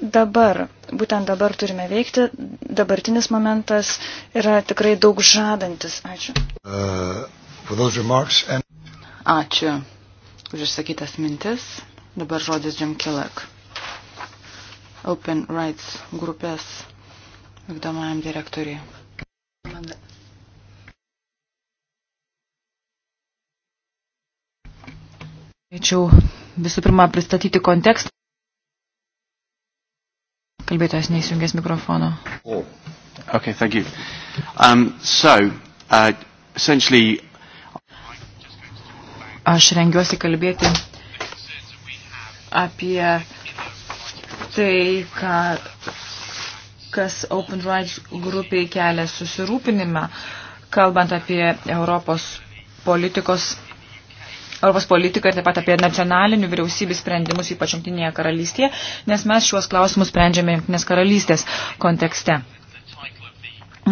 dabar, būtent dabar turime veikti, dabartinis momentas yra tikrai daug žadantis. Ačiū. Uh, and... Ačiū už išsakytas mintis. Dabar žodis Jim Kilek. Open Rights grupės vykdomajam direktoriui. Norėčiau visų pirma pristatyti kontekstą. Kalbėtojas neįsijungęs mikrofono. Oh. Okay, thank you. Um, so, uh, essentially... Aš rengiuosi kalbėti apie tai, ką, kas Open Rights grupiai kelia susirūpinimą, kalbant apie Europos politikos Europos politiką ir taip pat apie nacionalinių vyriausybių sprendimus, ypač Junktinėje karalystėje, nes mes šiuos klausimus sprendžiame Junktinės karalystės kontekste.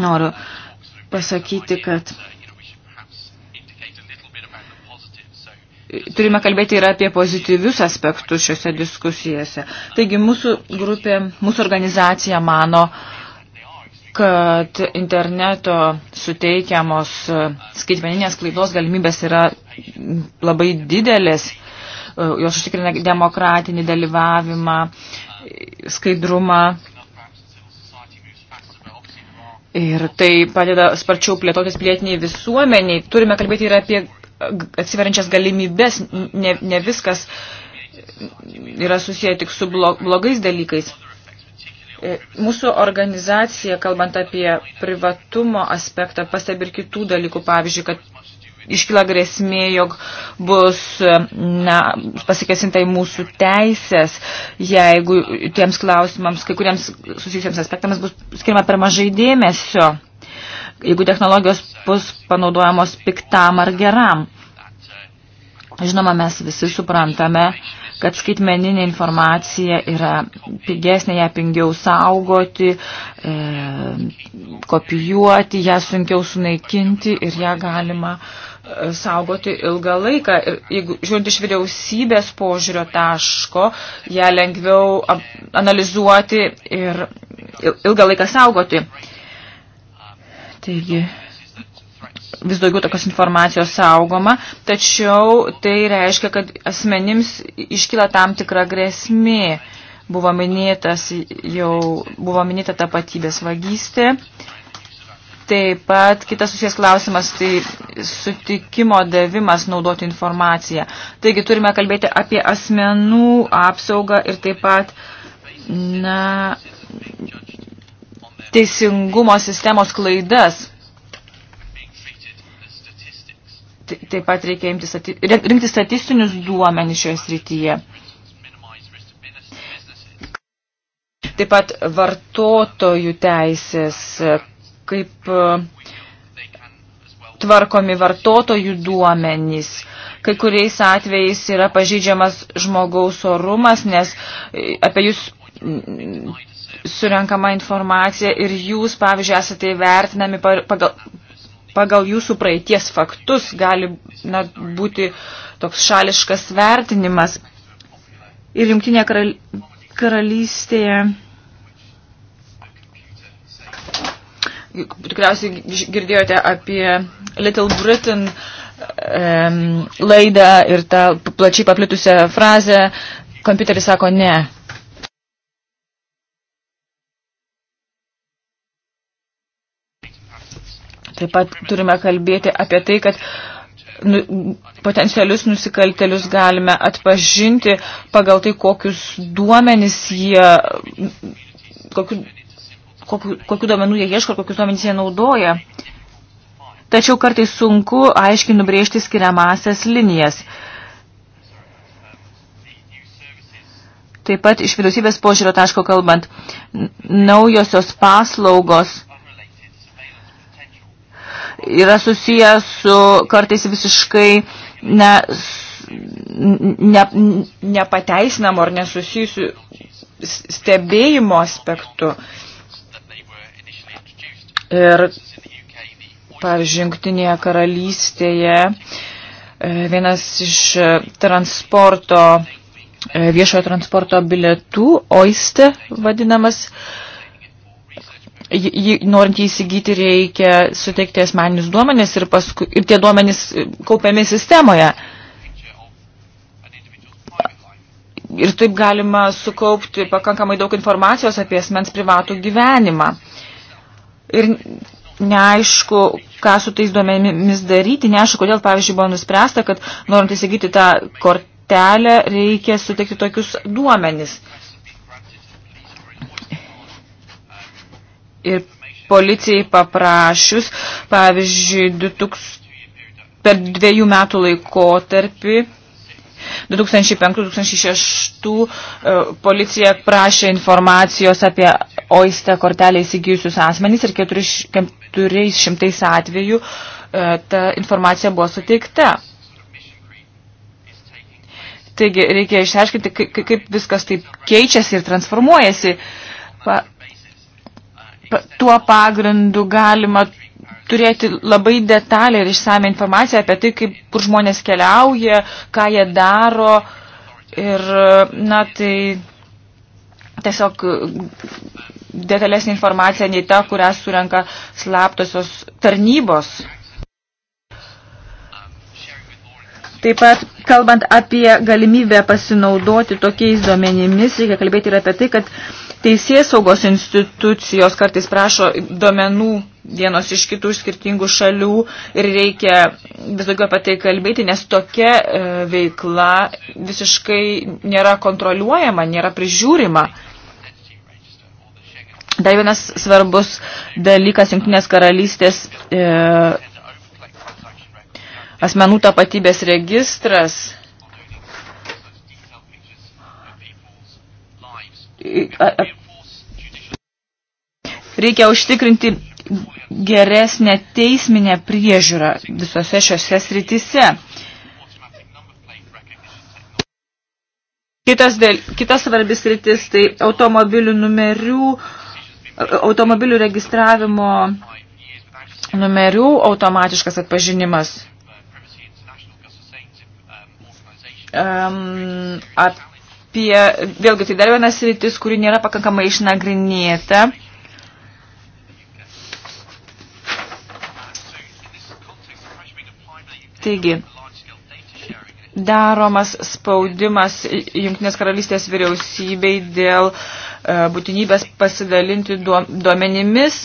Noriu pasakyti, kad turime kalbėti ir apie pozityvius aspektus šiuose diskusijose. Taigi mūsų grupė, mūsų organizacija mano, uh, kad interneto suteikiamos skaitmeninės klaidos galimybės yra labai didelės, jos užtikrina demokratinį dalyvavimą, skaidrumą. Ir tai padeda sparčiau plėtotis pilietiniai visuomeniai. Turime kalbėti ir apie atsiveriančias galimybės, ne, ne viskas yra susiję tik su blogais dalykais. E, mūsų organizacija, kalbant apie privatumo aspektą, pastebi ir kitų dalykų, pavyzdžiui, kad iškyla grėsmė, jog bus e, na, pasikesintai mūsų teisės, jeigu tiems klausimams, kai kuriems susijusiems aspektams bus skirima per mažai dėmesio, jeigu technologijos bus panaudojamos piktam ar geram. Žinoma, mes visi suprantame, kad skaitmeninė informacija yra pigesnė, ją pingiau saugoti, e, kopijuoti, ją sunkiau sunaikinti ir ją galima e, saugoti ilgą laiką. Ir jeigu žiūrint iš vyriausybės požiūrio taško, ją lengviau analizuoti ir ilgą laiką saugoti. Taigi, vis daugiau tokios informacijos saugoma, tačiau tai reiškia, kad asmenims iškyla tam tikra grėsmė. Buvo, minėtas, jau, buvo minėta tapatybės vagystė. Taip pat kitas susijęs klausimas – tai sutikimo davimas naudoti informaciją. Taigi turime kalbėti apie asmenų apsaugą ir taip pat na, teisingumo sistemos klaidas – taip pat reikia imti stati, rinkti statistinius duomenys šioje srityje. Taip pat vartotojų teisės, kaip e, tvarkomi vartotojų duomenys. Kai kuriais atvejais yra pažydžiamas žmogaus orumas, nes e, apie jūs mm, surenkama informacija ir jūs, pavyzdžiui, esate įvertinami pagal, pagal jūsų praeities faktus gali na, būti toks šališkas vertinimas. Ir jungtinė karal... karalystėje tikriausiai girdėjote apie Little Britain um, laidą ir tą plačiai paplitusią frazę, kompiuteris sako ne. Taip pat turime kalbėti apie tai, kad nu, potencialius nusikaltelius galime atpažinti pagal tai, kokius duomenys jie, kokiu, kokiu, kokiu duomenų jie ieško, kokius duomenys jie naudoja. Tačiau kartais sunku aiškiai nubrėžti skiriamasias linijas. Taip pat iš vyriausybės požiūrio taško kalbant, naujosios paslaugos yra susijęs su kartais visiškai ne, ne, nepateisinamu ar nesusijusiu stebėjimo aspektu. Ir, pavyzdžiui, Junktinėje karalystėje e, vienas iš transporto, e, viešojo transporto bilietų, oiste vadinamas, jį, norint jį įsigyti, reikia suteikti asmeninius duomenis ir, paskui, ir tie duomenys kaupiami sistemoje. Ir taip galima sukaupti pakankamai daug informacijos apie asmens privatų gyvenimą. Ir neaišku, ką su tais duomenimis daryti, neaišku, kodėl, pavyzdžiui, buvo nuspręsta, kad norint įsigyti tą kortelę, reikia suteikti tokius duomenis. Uh, ir policijai paprašius, pavyzdžiui, 2000, per dviejų metų laikotarpį 2005-2006 e, policija prašė informacijos apie OISTE kortelę įsigijusius asmenys ir 400 atvejų e, ta informacija buvo suteikta. Taigi reikia išsiaiškinti, kaip viskas taip keičiasi ir transformuojasi. Pa, tuo pagrindu galima turėti labai detalę ir išsame informaciją apie tai, kaip, kur žmonės keliauja, ką jie daro. Ir, na, tai tiesiog detalesnė informacija nei ta, kurią surenka slaptosios tarnybos. Taip pat, kalbant apie galimybę pasinaudoti tokiais duomenimis, reikia kalbėti ir apie tai, kad uh, Teisės saugos institucijos kartais prašo domenų vienos iš kitų skirtingų šalių ir reikia vis daugiau apie tai kalbėti, nes tokia e, veikla visiškai nėra kontroliuojama, nėra prižiūrima. Dar vienas svarbus dalykas Junktinės karalystės e, asmenų tapatybės registras reikia užtikrinti geresnę teisminę priežiūrą visose šiose srityse. Kitas, dėl, kitas svarbis rytis tai automobilių numerių, automobilių registravimo numerių automatiškas atpažinimas. Um, ap, apie, vėlgi tai dar vienas rytis, kuri nėra pakankamai išnagrinėta. Taigi, daromas spaudimas Junktinės karalystės vyriausybei dėl e, būtinybės pasidalinti duomenimis.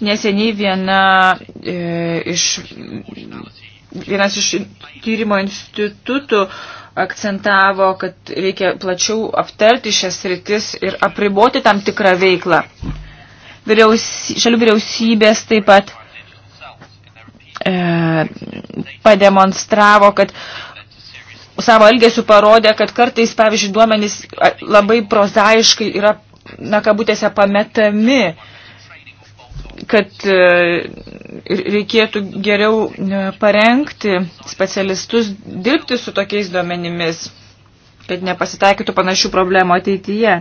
Neseniai viena e, iš, vienas iš tyrimo institutų e, akcentavo, kad reikia plačiau aptarti šias rytis ir apriboti tam tikrą veiklą. Vyriausy, šalių vyriausybės taip pat e, pademonstravo, kad savo elgesių parodė, kad kartais, pavyzdžiui, duomenys labai prozaiškai yra, na, kabutėse, pametami kad e, reikėtų geriau e, parengti specialistus dirbti su tokiais duomenimis, kad nepasitaikytų panašių problemų ateityje.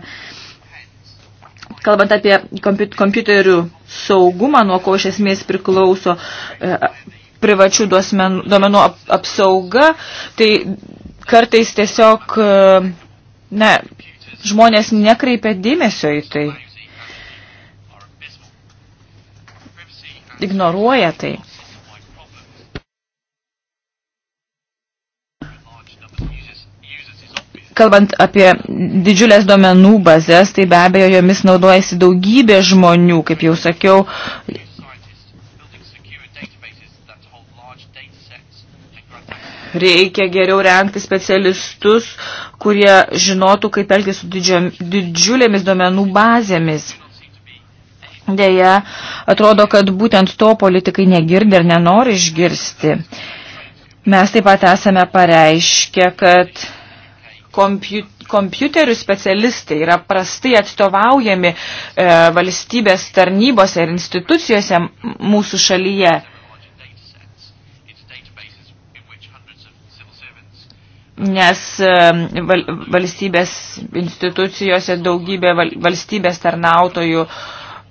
Kalbant apie kompiuterių saugumą, nuo ko iš esmės priklauso e, privačių duomenų apsauga, tai kartais tiesiog ne, žmonės nekreipia dėmesio į tai. ignoruoja tai. Kalbant apie didžiulės duomenų bazės, tai be abejo jomis naudojasi daugybė žmonių, kaip jau sakiau, reikia geriau renkti specialistus, kurie žinotų, kaip elgtis su didžio, didžiulėmis duomenų bazėmis. Deja, atrodo, kad būtent to politikai negirdi ir nenori išgirsti. Mes taip pat esame pareiškę, kad kompiuteris kompiuterių specialistai yra prastai atstovaujami e, valstybės tarnybose ir institucijose mūsų šalyje. Nes e, val, valstybės institucijose daugybė val, valstybės tarnautojų e,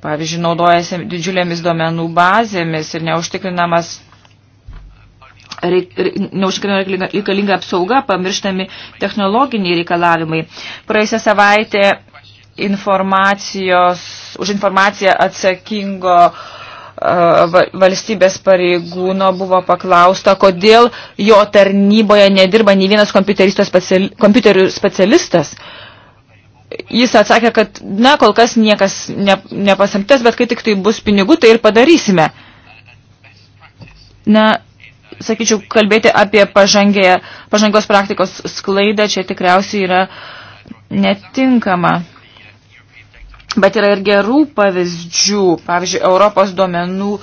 pavyzdžiui, naudojasi didžiulėmis duomenų bazėmis ir neužtikrinamas reik, neužtikrinama reikalinga apsauga, pamirštami technologiniai reikalavimai. Praėjusią savaitę informacijos, už informaciją atsakingo uh, valstybės pareigūno buvo paklausta, kodėl jo tarnyboje nedirba nei vienas kompiuterių specialistas jis atsakė, kad na, kol kas niekas ne, nepasamtės, bet kai tik tai bus pinigų, tai ir padarysime. Na, sakyčiau, kalbėti apie pažangę, pažangos praktikos sklaidą čia tikriausiai yra netinkama. Bet yra ir gerų pavyzdžių, pavyzdžiui, Europos duomenų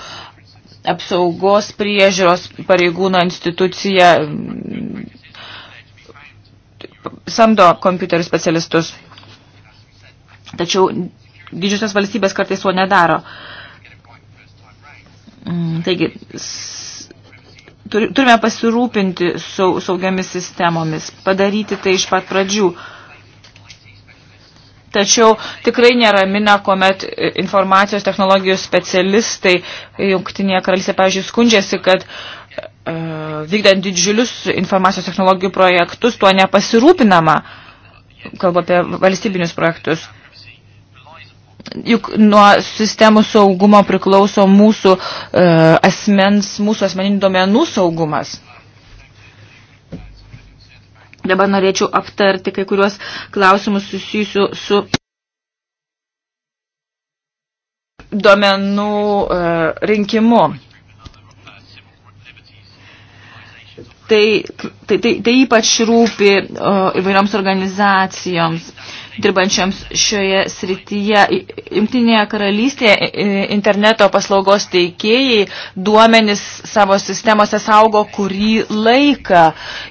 apsaugos priežiūros pareigūno institucija samdo kompiuterių specialistus. Tačiau didžiosios valstybės kartais to nedaro. Mm, taigi, turime pasirūpinti saugiamis sistemomis, padaryti tai iš pat pradžių. Tačiau tikrai neramina, kuomet informacijos technologijų specialistai Jungtinėje karalystėje, pavyzdžiui, skundžiasi, kad e, vykdant didžiulius informacijos technologijų projektus, tuo nepasirūpinama, kalba apie valstybinius projektus juk nuo sistemų saugumo priklauso mūsų e, asmens, mūsų asmeninių domenų saugumas. Dabar norėčiau aptarti kai kuriuos klausimus susijusiu su domenų e, rinkimu. Tai, tai, tai, tai ypač rūpi o, e, įvairioms organizacijoms. E, dirbančiams šioje srityje. Imtinėje karalystėje interneto paslaugos teikėjai duomenis savo sistemose saugo kurį laiką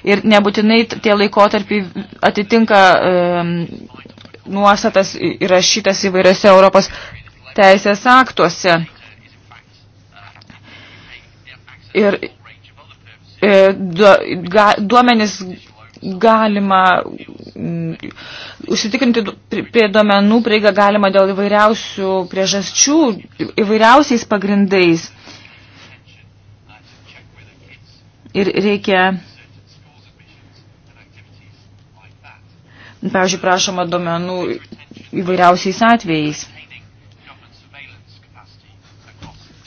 ir nebūtinai tie laikotarpiai atitinka um, nuostatas įrašytas įvairiose Europos teisės aktuose. Ir e, duomenis galima mm, užsitikrinti prie duomenų prieigą galima dėl įvairiausių priežasčių, įvairiausiais pagrindais. Ir reikia, pavyzdžiui, prašoma duomenų įvairiausiais atvejais.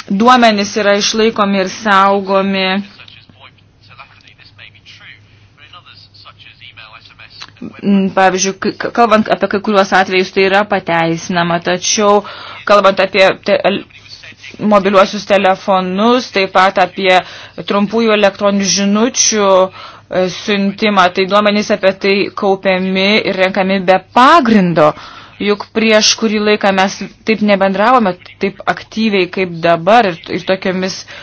Duomenys yra išlaikomi ir saugomi Mm, pavyzdžiui, kalbant apie kai kuriuos atvejus, tai yra pateisinama, tačiau kalbant apie te, mobiliuosius telefonus, taip pat apie trumpųjų elektroninių žinučių e, siuntimą, tai duomenys apie tai kaupiami ir renkami be pagrindo. Juk prieš kurį laiką mes taip nebendravome taip aktyviai kaip dabar ir, ir tokiamis uh,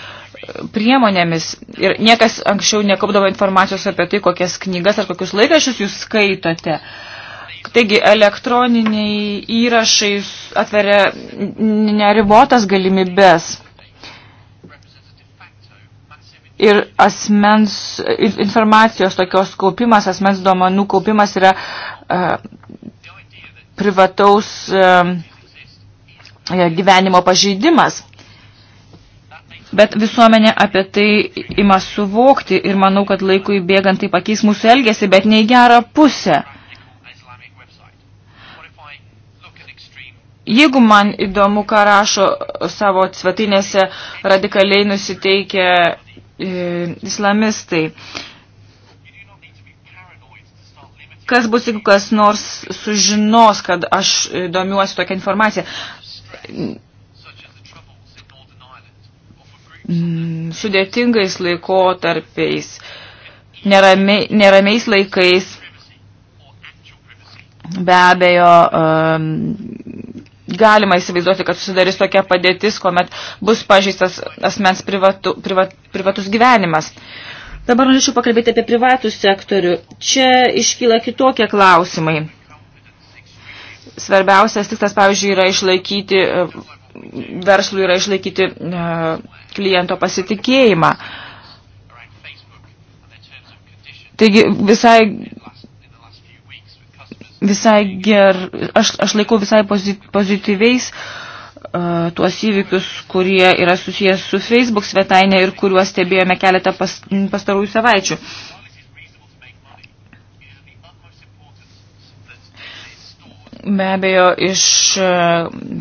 priemonėmis ir niekas anksčiau nekapdavo informacijos apie tai, kokias knygas ar kokius laikrašius jūs skaitote. Taigi elektroniniai įrašai atveria neribotas galimybės. Ir asmens informacijos tokios kaupimas, asmens duomenų kaupimas yra uh, privataus uh, gyvenimo pažeidimas bet visuomenė apie tai ima suvokti ir manau, kad laikui bėgant tai pakeis mūsų elgesį, bet ne į gerą pusę. Jeigu man įdomu, ką rašo savo svetainėse radikaliai nusiteikę e, islamistai, kas bus, jeigu kas nors sužinos, kad aš domiuosi tokią informaciją. Mm, sudėtingais laikotarpiais, nerami, neramiais laikais. Be abejo, um, galima įsivaizduoti, kad susidarys tokia padėtis, kuomet bus pažeistas asmens privatu, privat, privatus gyvenimas. Dabar norėčiau pakalbėti apie privatų sektorių. Čia iškyla kitokie klausimai. Svarbiausias tikslas, pavyzdžiui, yra išlaikyti, e, verslui yra išlaikyti uh, kliento pasitikėjimą. Taigi visai, visai ger, aš, aš laikau visai pozityviais uh, tuos įvykius, kurie yra susijęs su Facebook svetainė ir kuriuos stebėjome keletą pas, pastarųjų savaičių. Uh, be abejo iš e,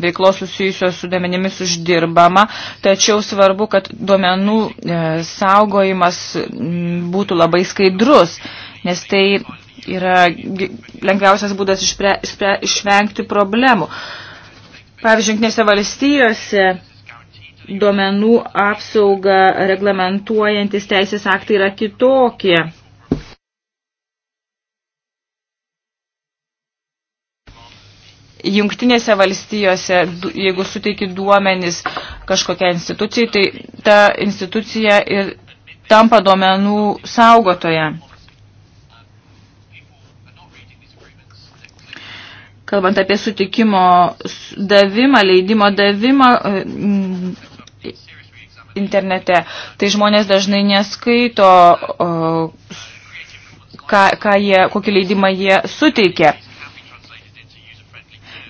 veiklos susijusios su duomenimis uždirbama, tačiau svarbu, kad duomenų e, saugojimas būtų labai skaidrus, nes tai yra lengviausias būdas išpre, išpre, išvengti problemų. Pavyzdžiui, Junktinėse valstijose duomenų apsaugą reglamentuojantis teisės aktai yra kitokie jungtinėse valstijose, jeigu suteiki duomenis kažkokiai institucijai, tai ta institucija ir tampa duomenų saugotoje. Kalbant apie sutikimo davimą, leidimo davimą mm, internete, tai žmonės dažnai neskaito, ką, ką jie, kokį leidimą jie suteikia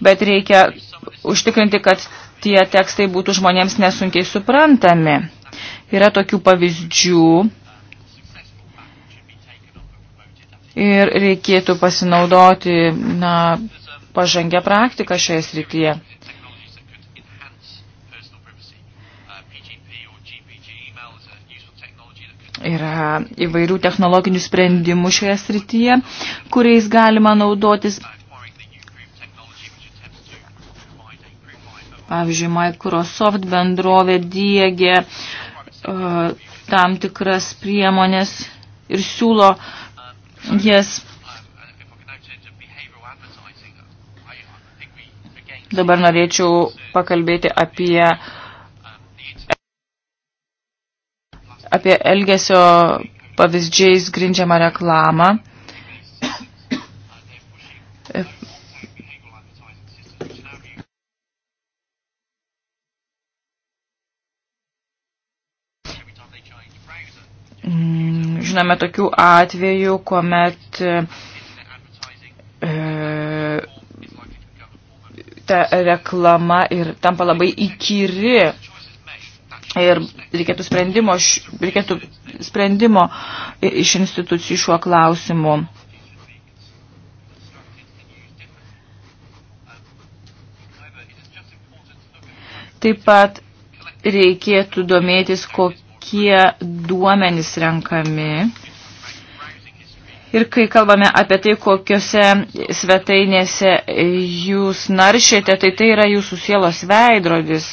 bet reikia užtikrinti, kad tie tekstai būtų žmonėms nesunkiai suprantami. Yra tokių pavyzdžių ir reikėtų pasinaudoti na, pažangę praktiką šioje srityje. Yra įvairių technologinių sprendimų šioje srityje, kuriais galima naudotis Pavyzdžiui, Microsoft bendrovė diegė uh, tam tikras priemonės ir siūlo jas. Dabar norėčiau pakalbėti apie, apie elgesio pavyzdžiais grindžiamą reklamą. Mm, žinome tokių atvejų, kuomet e, ta reklama ir tampa labai įkyri ir reikėtų sprendimo, reikėtų sprendimo iš institucijų šiuo klausimu. Taip pat reikėtų domėtis, kokie kokie duomenys renkami. Ir kai kalbame apie tai, kokiuose svetainėse jūs naršėte, tai tai yra jūsų sielos veidrodis.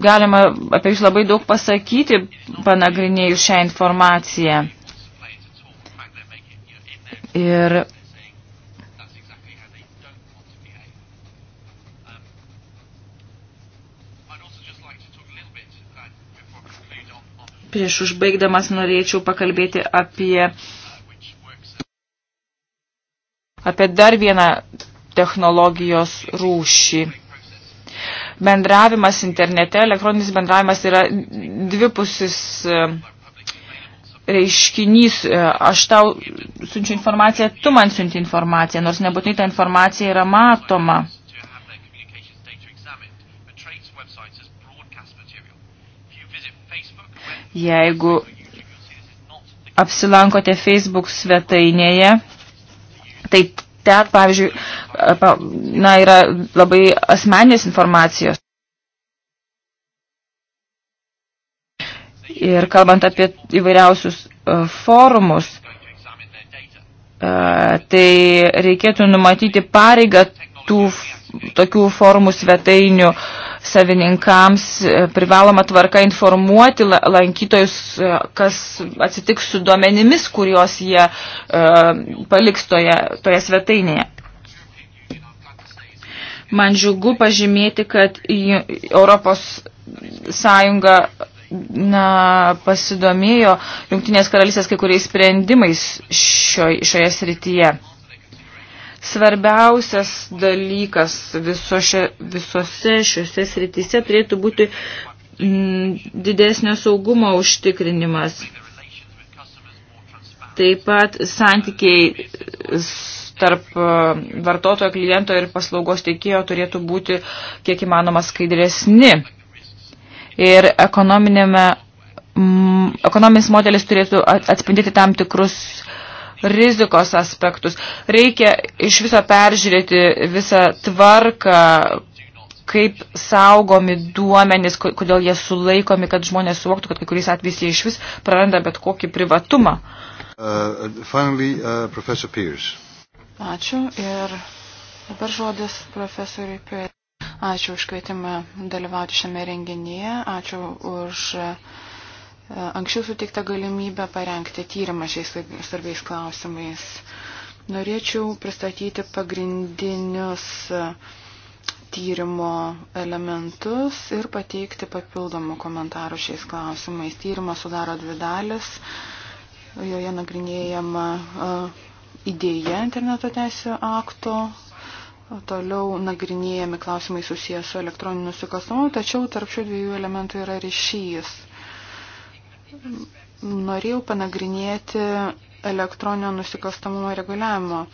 Galima apie jūs labai daug pasakyti, panagrinėjus šią informaciją. Ir Prieš užbaigdamas norėčiau pakalbėti apie, apie dar vieną technologijos rūšį. Bendravimas internete, elektroninis bendravimas yra dvipusis e, reiškinys, e, aš tau siunčiu informaciją, tu man siunti informaciją, nors nebūtinai ta informacija yra matoma. Jeigu apsilankote Facebook svetainėje, tai ten, pavyzdžiui, na, yra labai asmenės informacijos. Ir kalbant apie įvairiausius e, forumus, e, tai reikėtų numatyti pareigą tų tokių formų svetainių savininkams e, privaloma tvarka informuoti lankytojus, e, kas atsitiks su duomenimis, kuriuos jie e, paliks toje, toje svetainėje. Man džiugu pažymėti, kad Europos Sąjunga na, pasidomėjo Jungtinės karalystės kai kuriais sprendimais šio, šioje srityje svarbiausias dalykas viso šia, visose šiuose srityse turėtų būti m, mm, didesnio saugumo užtikrinimas. Taip pat santykiai tarp e, vartotojo kliento ir paslaugos teikėjo turėtų būti kiek įmanoma skaidresni. Ir ekonominėme, ekonominis modelis turėtų atspindėti tam tikrus uh, rizikos aspektus. Reikia iš viso peržiūrėti visą tvarką, kaip saugomi duomenys, kodėl jie sulaikomi, kad žmonės suvoktų, kad kai kuriais atvejais jie iš vis praranda bet kokį privatumą. Uh, finally, uh, Professor Pierce. Ačiū ir dabar žodis profesoriui Pierce. Ačiū už kvietimą dalyvauti šiame renginyje, ačiū už uh, E, anksčiau suteikta galimybė parengti tyrimą šiais svarbiais klausimais. Norėčiau pristatyti pagrindinius e, tyrimo elementus ir pateikti papildomų komentarų šiais klausimais. Tyrimą sudaro dvi dalis, joje nagrinėjama e, idėja interneto teisų akto Toliau nagrinėjami klausimai susijęs su elektroniniu nusikalstamumu, tačiau tarp šių dviejų elementų yra ryšys norėjau panagrinėti elektroninio nusikalstamumo reguliavimo e,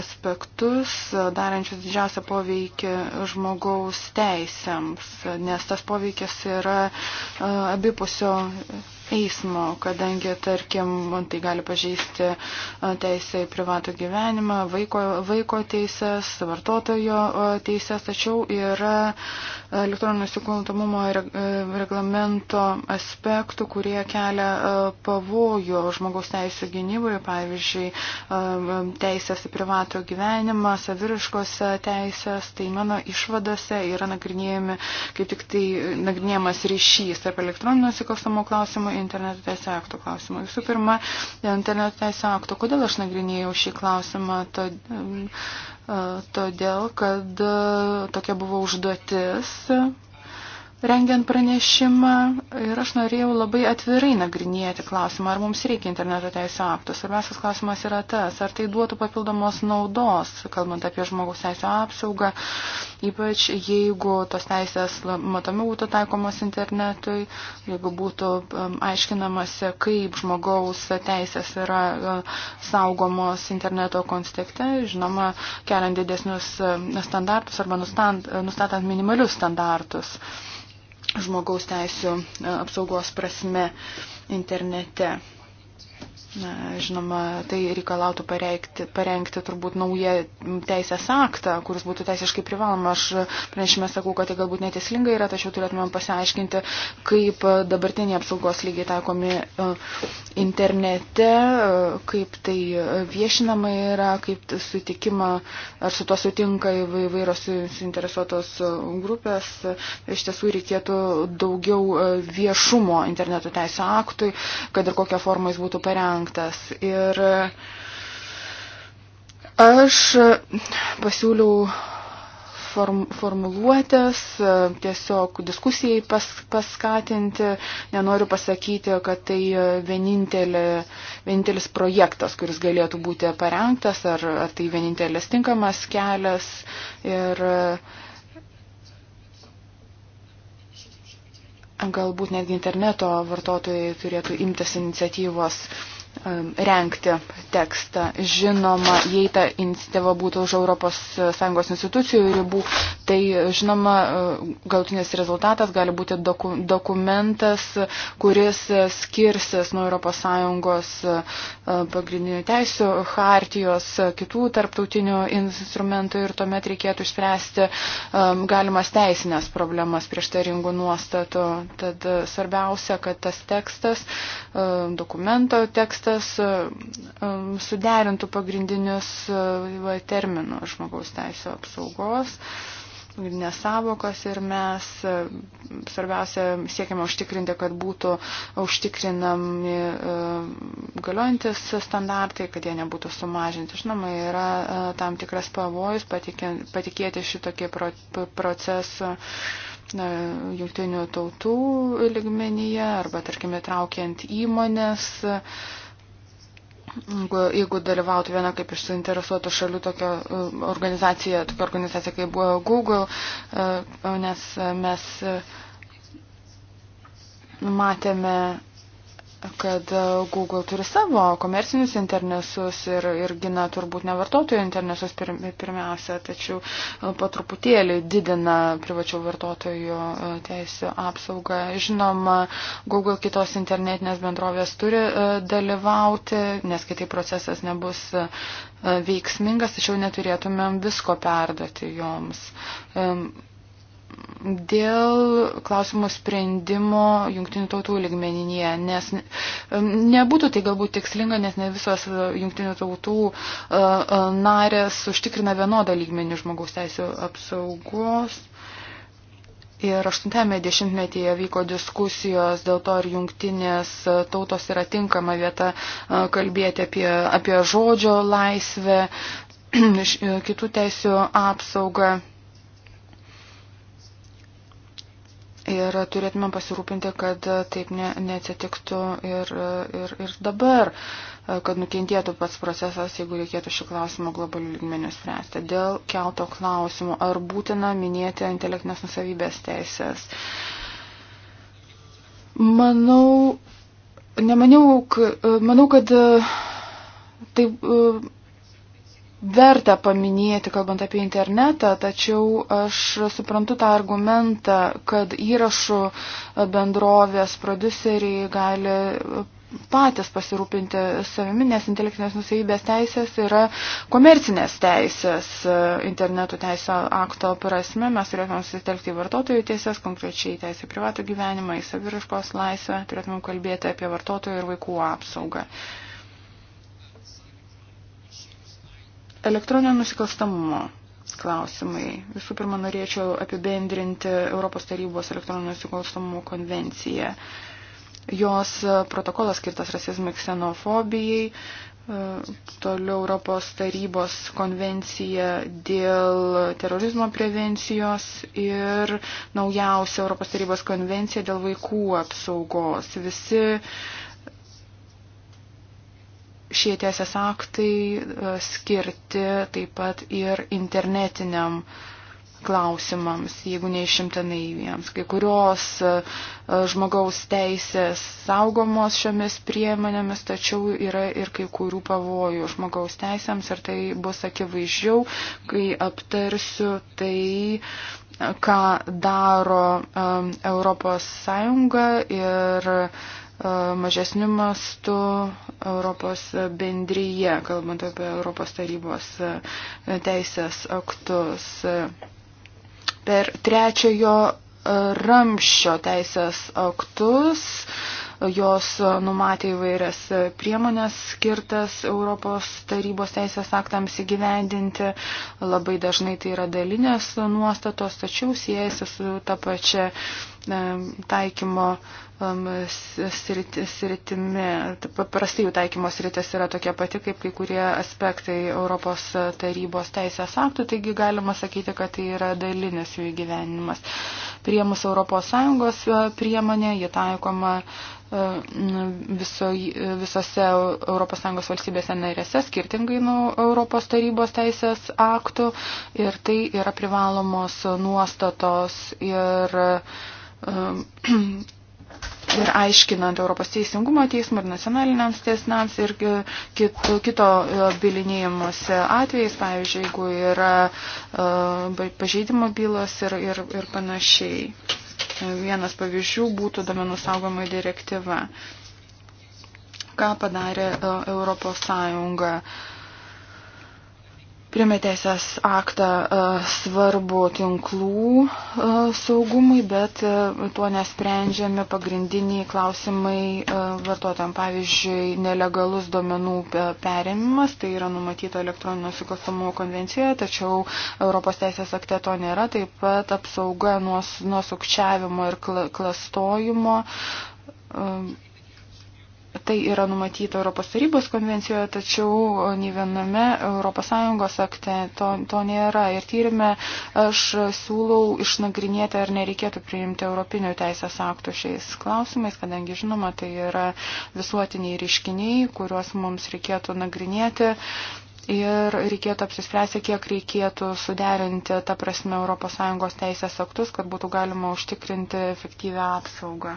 aspektus, e, darančius didžiausią poveikį žmogaus teisėms, nes tas poveikis yra e, abipusio eismo, kadangi, tarkim, tai gali pažeisti teisę į privatų gyvenimą, vaiko, vaiko teises, vartotojo teises, tačiau yra elektroninio nusikaltamumo e, reglamento aspektų, kurie kelia pavojų žmogaus teisų gynybai, pavyzdžiui, teisės į privatų gyvenimą, saviriškose teisės, tai mano išvadose yra nagrinėjami, kaip tik tai nagrinėjamas ryšys tarp elektroninio nusikaltamo klausimo interneto teisė aktų klausimą. Visų pirma, dėl interneto teisė aktų. Kodėl aš nagrinėjau šį klausimą? Mm, todėl, kad tokia buvo užduotis rengiant pranešimą ir aš norėjau labai atvirai nagrinėti klausimą, ar mums reikia interneto teisų aktų. Svarbiausias klausimas yra tas, ar tai duotų papildomos naudos, kalbant apie žmogaus teisų apsaugą, ypač jeigu tos teisės matomiau būtų taikomos internetui, jeigu būtų um, aiškinamasi, kaip žmogaus teisės yra uh, saugomos interneto kontekste, žinoma, keliant didesnius um, standartus arba nustatant minimalius standartus žmogaus teisų e, apsaugos prasme internete. Na, žinoma, tai reikalautų pareikti, parengti turbūt naują teisės aktą, kuris būtų teisiškai privaloma. Aš pranešime sakau, kad tai galbūt neteslinga yra, tačiau turėtumėm pasiaiškinti, kaip dabartiniai apsaugos lygiai taikomi e, internete, e, kaip tai viešinama yra, kaip sutikima, ar su to sutinka įvairios suinteresuotos grupės. Iš tiesų reikėtų daugiau e, viešumo interneto teisės aktui, kad ir kokią formą jis būtų parengtas parengtas. Ir aš pasiūliau form, formuluotės, tiesiog diskusijai pas, paskatinti. Nenoriu pasakyti, kad tai vienintelė, vienintelis projektas, kuris galėtų būti parengtas, ar, ar tai vienintelis tinkamas kelias. Ir galbūt netgi interneto vartotojai turėtų imtis iniciatyvos. Uh, Um, renkti tekstą. Žinoma, jei ta iniciatyva būtų už ES institucijų ribų, Tai žinoma, galtinis rezultatas gali būti doku, dokumentas, kuris skirsis nuo ES e, pagrindinių teisų, hartijos, kitų tarptautinių instrumentų ir tuomet reikėtų išspręsti e, galimas teisinės problemas prieštaringų nuostatų. Tad svarbiausia, kad tas tekstas, e, dokumento tekstas suderintų pagrindinius terminus žmogaus teisų apsaugos. Thank you pagrindinės savokos ir mes e, svarbiausia siekiame užtikrinti, kad būtų užtikrinami e, galiojantis standartai, kad jie nebūtų sumažinti. Žinoma, yra e, tam tikras pavojus patikėti šitokį procesą na, jungtinių tautų ligmenyje arba, tarkime, traukiant įmonės. Uh, jeigu dalyvautų viena kaip iš suinteresuotų šalių tokia e, organizacija, tokia organizacija kaip buvo Google, e, nes mes e, matėme kad e, Google turi savo komercinius interesus ir, ir gina turbūt ne vartotojų interesus pir, pirmiausia, tačiau e, po truputėlį didina privačių vartotojų e, teisų apsaugą. Žinoma, Google kitos internetinės bendrovės turi dalyvauti, nes kitaip procesas nebus veiksmingas, tačiau neturėtumėm visko perduoti joms dėl klausimų sprendimo jungtinių tautų ligmeninėje, nes nebūtų tai galbūt tikslinga, nes ne visos e, jungtinių tautų e, e, narės užtikrina vienodą lygmenį žmogaus teisų apsaugos. Ir 80-ame dešimtmetyje vyko diskusijos dėl to, ar jungtinės tautos yra tinkama vieta kalbėti apie, apie žodžio laisvę, kitų teisų apsaugą. Ir turėtume pasirūpinti, kad taip ne, neatsitiktų ir, ir, ir dabar, kad nukentėtų pats procesas, jeigu reikėtų šį klausimą globalių lygmenių spręsti. Dėl kelto klausimų, ar būtina minėti intelektinės nusavybės teisės? Manau, nemaniau, manau, kad e, tai e, verta paminėti, kalbant apie internetą, tačiau aš suprantu tą argumentą, kad įrašų bendrovės produceriai gali patys pasirūpinti savimi, nes intelektinės nusavybės teisės yra komercinės teisės interneto teisio akto prasme. Mes turėtume susitelkti į vartotojų teisės, konkrečiai teisę privatų gyvenimą, į saviriškos laisvę, turėtume kalbėti apie vartotojų ir vaikų apsaugą. Uh, Elektroninio nusikalstamumo klausimai. Visų pirma, norėčiau apibendrinti Europos tarybos elektroninio nusikalstamumo konvenciją. Jos protokolas skirtas rasizmui ksenofobijai, e, toliau Europos tarybos konvencija dėl terorizmo prevencijos ir naujausia Europos tarybos konvencija dėl vaikų apsaugos. Visi uh, šie teisės aktai e, skirti taip pat ir internetiniam klausimams, jeigu neišimtinai jiems. Kai kurios e, e, žmogaus teisės saugomos šiomis priemonėmis, tačiau yra ir kai kurių pavojų žmogaus teisėms ir tai bus akivaizdžiau, kai aptarsiu tai, ką daro ES ir E, mažesniu mastu Europos bendryje, kalbant apie Europos tarybos e, teisės aktus. Per trečiojo ramščio teisės aktus jos numatė įvairias priemonės skirtas Europos tarybos teisės aktams įgyvendinti. Labai dažnai tai yra dalinės nuostatos, tačiau siejasi su ta pačia E, taikymo um, sritimi. Paprastai jų taikymo sritis yra tokia pati, kaip kai kurie aspektai Europos tarybos teisės aktų, taigi galima sakyti, kad tai yra dalinis jų įgyvenimas. Priemus ES priemonė, ji taikoma e, viso, e, visose ES valstybėse narėse skirtingai nuo Europos tarybos teisės aktų ir tai yra privalomos nuostatos ir uh, Ehm, ir aiškinant Europos teisingumo teismų ir nacionaliniams teisnams ir kit, kito e, bilinėjimuose atvejais, pavyzdžiui, jeigu yra e, pažeidimo bylos ir, ir, ir panašiai. E, vienas pavyzdžių būtų domenų saugoma direktyva. Ką padarė Europos Sąjunga? Uh, Priėmė teisės aktą e, svarbu tinklų e, saugumui, bet e, tuo nesprendžiami pagrindiniai klausimai vartotojams. Pavyzdžiui, nelegalus duomenų perėmimas, tai yra numatyta elektroninio nusikalstamumo konvencijoje, tačiau Europos teisės akte to nėra. Taip pat apsauga nuo, nuo sukčiavimo ir klastojimo. Um, Tai yra numatyta Europos tarybos konvencijoje, tačiau nei viename ES akte to, to nėra. Ir tyrimė aš siūlau išnagrinėti, ar nereikėtų priimti Europinių teisės aktų šiais klausimais, kadangi žinoma, tai yra visuotiniai reiškiniai, kuriuos mums reikėtų nagrinėti. Ir reikėtų apsispręsti, kiek reikėtų suderinti, ta prasme, ES teisės aktus, kad būtų galima užtikrinti efektyvę apsaugą.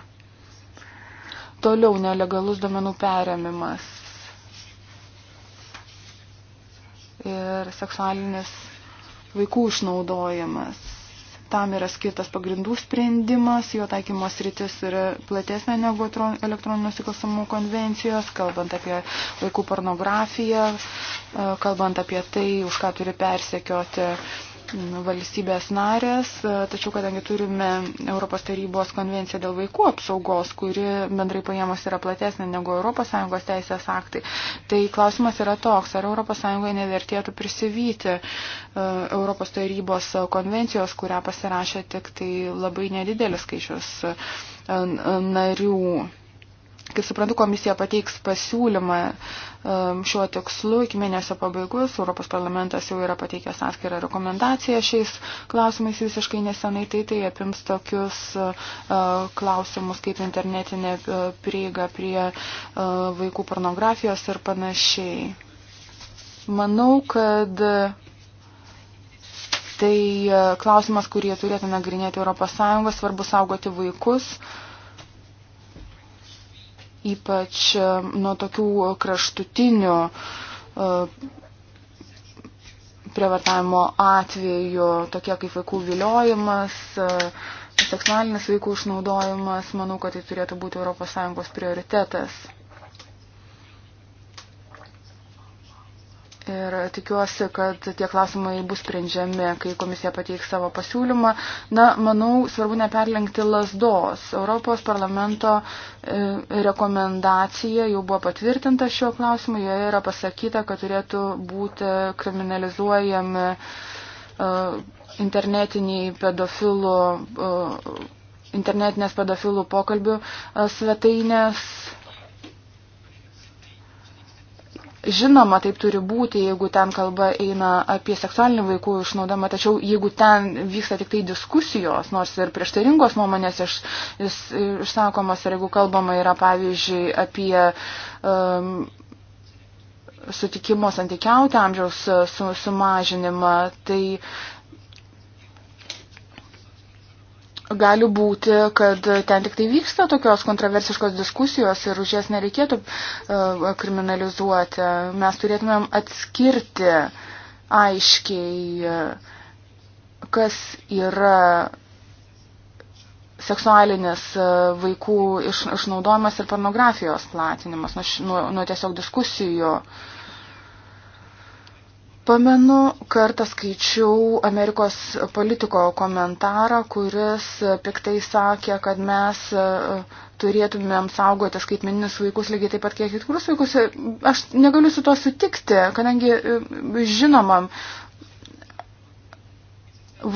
Toliau nelegalus domenų perėmimas ir seksualinis vaikų išnaudojimas. Tam yra skirtas pagrindų sprendimas, jo taikymos rytis yra platesnė negu elektroninio nusikalstamų konvencijos, kalbant apie vaikų pornografiją, e, kalbant apie tai, už ką turi persekioti Nu, valstybės narės, tačiau kadangi turime Europos tarybos konvenciją dėl vaikų apsaugos, kuri bendrai paėmus yra platesnė negu ES teisės aktai, tai klausimas yra toks, ar ES nevertėtų prisivyti e, Europos tarybos konvencijos, kurią pasirašė tik tai labai nedidelis skaičius e, narių Kaip suprantu, komisija pateiks pasiūlymą um, šiuo tikslu iki mėnesio pabaigos. Europos parlamentas jau yra pateikęs atskirą rekomendaciją šiais klausimais visiškai nesenai. Tai tai apims tokius uh, klausimus kaip internetinė uh, prieiga prie uh, vaikų pornografijos ir panašiai. Manau, kad tai klausimas, kurį turėtų nagrinėti ES, svarbu saugoti vaikus ypač e, nuo tokių kraštutinių e, prievartavimo atvejų, tokie kaip vaikų viliojimas, e, seksualinis vaikų išnaudojimas, manau, kad tai turėtų būti ES prioritetas. Ir tikiuosi, kad tie klausimai bus sprendžiami, kai komisija pateiks savo pasiūlymą. Na, manau, svarbu neperlenkti lasdos. Europos parlamento e, rekomendacija jau buvo patvirtinta šiuo klausimu. Joje yra pasakyta, kad turėtų būti kriminalizuojami e, internetiniai pedofilų, e, internetinės pedofilų pokalbių svetainės Žinoma, taip turi būti, jeigu ten kalba eina apie seksualinį vaikų išnaudamą, tačiau jeigu ten vyksta tik tai diskusijos, nors ir prieštaringos nuomonės iš, iš, išsakomos, ir jeigu kalbama yra, pavyzdžiui, apie um, sutikimo santykiauti amžiaus su, sumažinimą, tai uh, gali būti, kad ten tik tai vyksta tokios kontroversiškos diskusijos ir už jas nereikėtų e, kriminalizuoti. Mes turėtumėm atskirti aiškiai, e, kas yra seksualinis e, vaikų išnaudojimas ir pornografijos platinimas nuo, nuo tiesiog diskusijų uh, Pamenu, kartą skaičiau Amerikos politiko komentarą, kuris piktai sakė, kad mes e, turėtumėm saugoti skaitmeninius vaikus lygiai taip pat kiek ir kitus vaikus. Aš negaliu su tuo sutikti, kadangi e, žinomam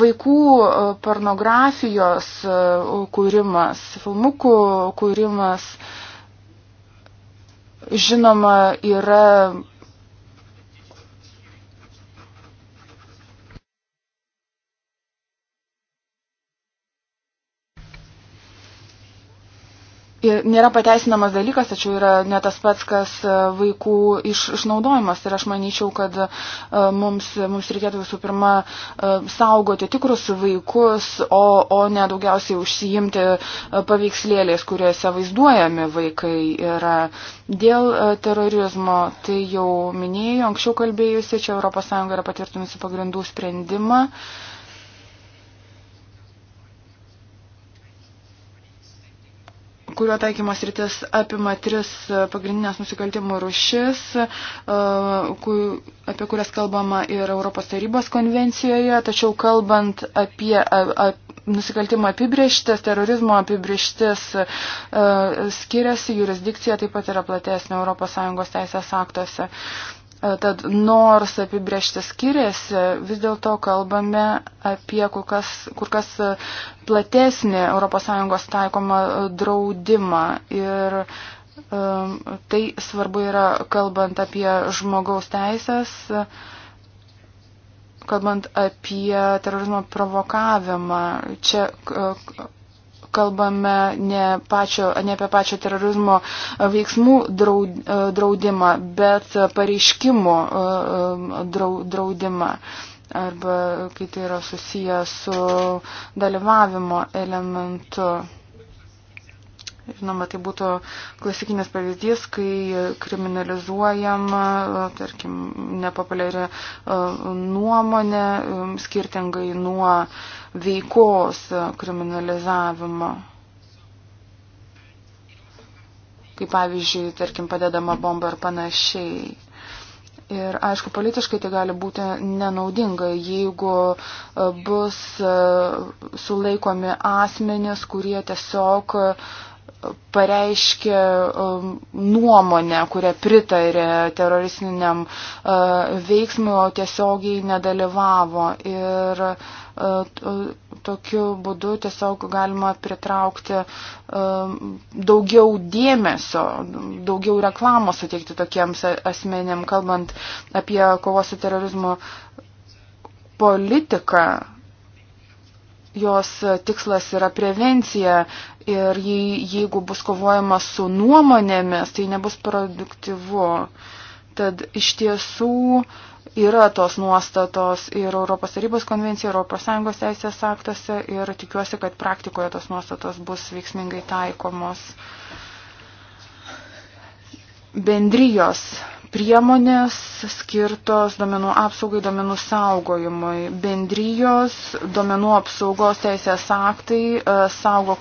vaikų e, pornografijos kūrimas, filmukų kūrimas, žinoma, yra nėra pateisinamas dalykas, tačiau yra ne tas pats, kas e, vaikų iš, išnaudojimas. Ir aš manyčiau, kad e, mums, mums reikėtų visų pirma e, saugoti tikrus vaikus, o, o ne daugiausiai užsiimti paveikslėlės, kuriuose vaizduojami vaikai yra. Dėl terorizmo, tai jau minėjau, anksčiau kalbėjusi, čia ES yra patvirtinusi pagrindų sprendimą. Uh, kurio taikymos rytis apima tris e, pagrindinės nusikaltimų rušis, e, apie kurias kalbama ir Europos tarybos konvencijoje, tačiau kalbant apie nusikaltimo apibrieštis, terorizmo apibrieštis e, skiriasi, jurisdikcija taip pat yra platesnė ES teisės aktuose. Tad nors apibriešti skiriasi, vis dėlto kalbame apie kur kas, kur kas platesnį ES taikomą draudimą. Ir um, tai svarbu yra kalbant apie žmogaus teisės, kalbant apie terorizmo provokavimą. Čia kalbame ne, pačio, ne apie pačio terorizmo veiksmų draudimą, bet pareiškimo e, e, draudimą arba kai tai yra susiję su dalyvavimo elementu. Žinoma, tai būtų klasikinis pavyzdys, kai kriminalizuojama, tarkim, nepopuliari e, nuomonė skirtingai nuo uh, veikos kriminalizavimo. Kaip pavyzdžiui, tarkim, padedama bomba ar panašiai. Ir aišku, politiškai tai gali būti nenaudinga, jeigu e, bus e, sulaikomi asmenės, kurie tiesiog uh, pareiškė um, nuomonę, kurią pritarė teroristiniam uh, veiksmui, o tiesiogiai nedalyvavo. Ir uh, uh, tokiu būdu tiesiog galima pritraukti um, daugiau dėmesio, daugiau reklamos suteikti tokiems asmenėm, kalbant apie kovos su terorizmu politiką jos tikslas yra prevencija ir jei, jeigu bus kovojama su nuomonėmis, tai nebus produktyvu. Tad iš tiesų yra tos nuostatos ir Europos tarybos konvencija, Europos Sąjungos teisės aktuose ir tikiuosi, kad praktikoje tos nuostatos bus veiksmingai taikomos. Bendrijos priemonės skirtos domenų apsaugai, domenų saugojimui. Bendrijos domenų apsaugos teisės aktai e, saugo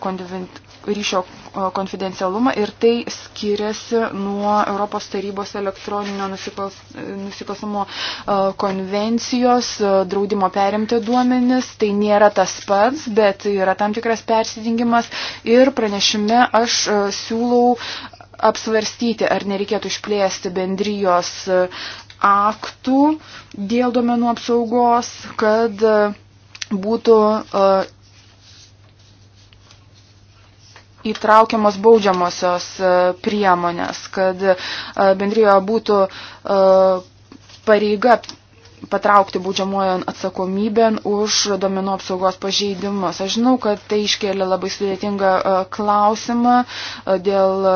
ryšio e, konfidencialumą ir tai skiriasi nuo Europos tarybos elektroninio nusikals, nusikalstamo e, konvencijos draudimo perimti duomenis. Tai nėra tas pats, bet yra tam tikras persidingimas ir pranešime aš siūlau apsvarstyti, ar nereikėtų išplėsti bendrijos e, aktų dėl duomenų apsaugos, kad e, būtų e, įtraukiamos baudžiamosios priemonės, kad bendrijoje būtų pareiga patraukti baudžiamojo atsakomybėn už domenų apsaugos pažeidimus. Aš žinau, kad tai iškėlė labai sudėtingą klausimą dėl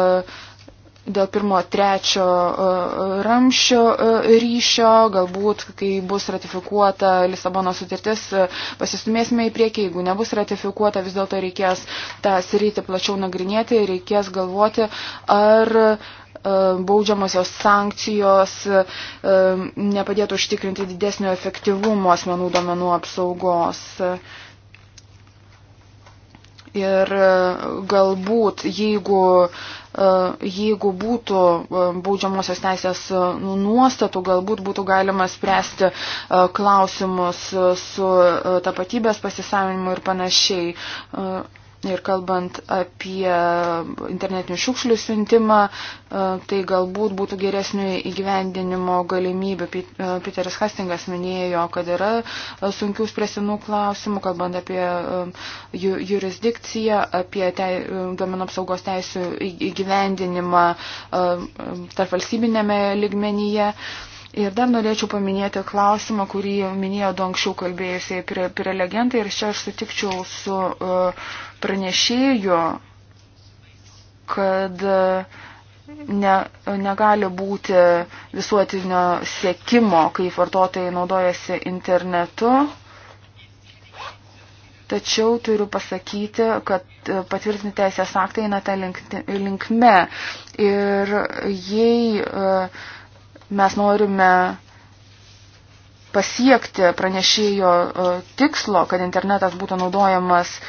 dėl pirmo, trečio e, ramščio e, ryšio, galbūt, kai bus ratifikuota Lisabono sutartis, e, pasistumėsime į priekį, jeigu nebus ratifikuota, vis dėlto reikės tą sritį plačiau nagrinėti, reikės galvoti, ar baudžiamosios sankcijos nepadėtų užtikrinti didesnio efektyvumo asmenų domenų apsaugos. Uh, Ir e, galbūt, jeigu, e, jeigu būtų e, baudžiamosios teisės nuostatų, galbūt būtų galima spręsti klausimus su tapatybės pasisavinimu ir panašiai. Ir kalbant apie internetinių šiukšlių siuntimą, e, tai galbūt būtų geresnių įgyvendinimo galimybių. E, Peteris Hastingas minėjo, kad yra e, sunkių spresinų klausimų, kalbant apie jurisdikciją, apie te, domenų apsaugos teisų įgyvendinimą tarp valstybinėme ligmenyje. Ir dar norėčiau paminėti klausimą, kurį minėjo du anksčiau kalbėjusiai prelegentai ir čia aš sutikčiau su uh, pranešėjo, kad e, ne, negali būti visuotinio sėkimo, kai vartotojai naudojasi internetu. Tačiau turiu pasakyti, kad e, patvirtinti teisės aktai eina tą linkme. Ir jei e, mes norime pasiekti pranešėjo tikslo, kad internetas būtų naudojamas uh,